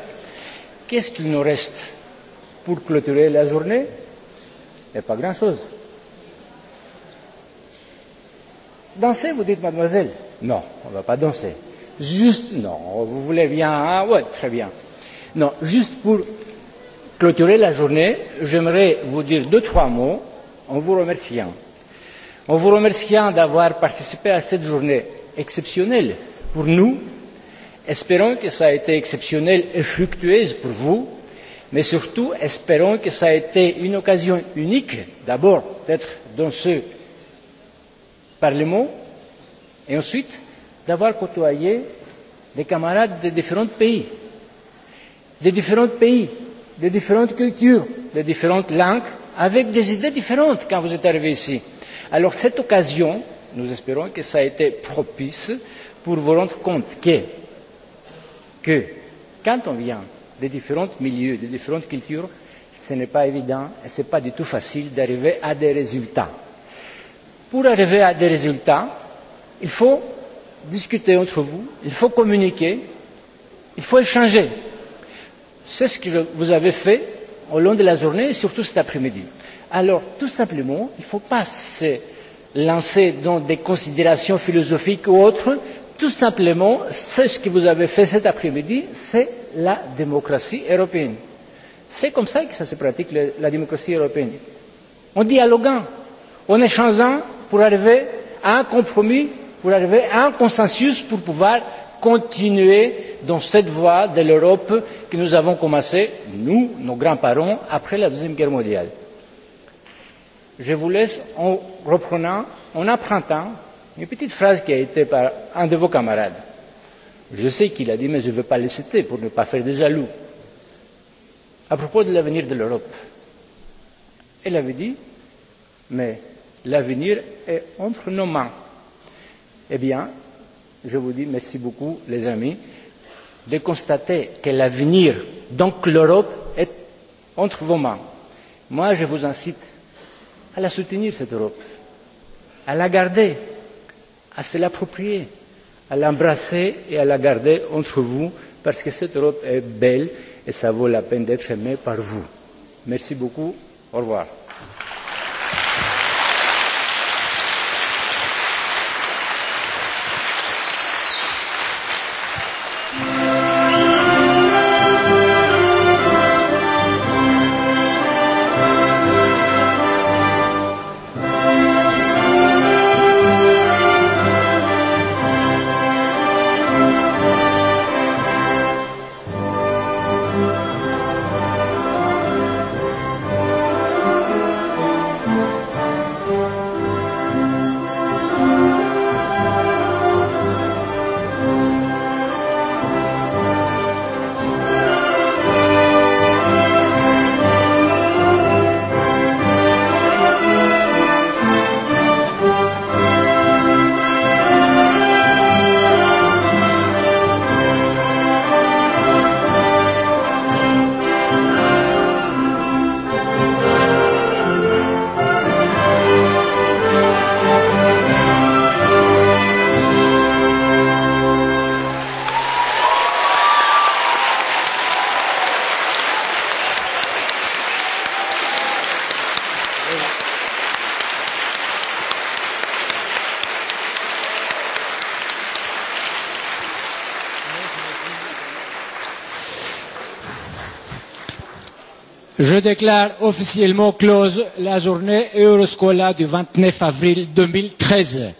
Qu'est-ce qu'il nous reste pour clôturer la journée Et pas grand-chose. Danser, vous dites, mademoiselle Non, on ne va pas danser. Juste, non, vous voulez bien, hein ouais, très bien. Non, juste pour clôturer la journée, j'aimerais vous dire deux, trois mots en vous remerciant. En vous remerciant d'avoir participé à cette journée exceptionnelle pour nous, Espérons que ça a été exceptionnel et fructueuse pour vous, mais surtout espérons que ça a été une occasion unique, d'abord d'être dans ce Parlement, et ensuite d'avoir côtoyé des camarades de différents pays, de différents pays, de différentes cultures, de différentes langues, avec des idées différentes quand vous êtes arrivés ici. Alors cette occasion, nous espérons que ça a été propice pour vous rendre compte que que quand on vient de différents milieux, de différentes cultures, ce n'est pas évident et ce n'est pas du tout facile d'arriver à des résultats. Pour arriver à des résultats, il faut discuter entre vous, il faut communiquer, il faut échanger. C'est ce que je vous avez fait au long de la journée et surtout cet après-midi. Alors, tout simplement, il ne faut pas se lancer dans des considérations philosophiques ou autres Tout simplement, ce que vous avez fait cet après-midi, c'est la démocratie européenne. C'est comme ça que ça se pratique, la démocratie européenne. En dialoguant, en échangeant pour arriver à un compromis, pour arriver à un consensus, pour pouvoir continuer dans cette voie de l'Europe que nous avons commencée, nous, nos grands-parents, après la Deuxième Guerre mondiale. Je vous laisse en reprenant, en empruntant Une petite phrase qui a été par un de vos camarades. Je sais qu'il a dit, mais je ne veux pas le citer pour ne pas faire des jaloux. À propos de l'avenir de l'Europe, elle avait dit, mais l'avenir est entre nos mains. Eh bien, je vous dis merci beaucoup, les amis, de constater que l'avenir, donc l'Europe, est entre vos mains. Moi, je vous incite à la soutenir, cette Europe, à la garder à se l'approprier, à l'embrasser et à la garder entre vous, parce que cette Europe est belle et ça vaut la peine d'être aimée par vous. Merci beaucoup. Au revoir. déclare officiellement close la journée Euroscola du vingt neuf avril deux mille treize.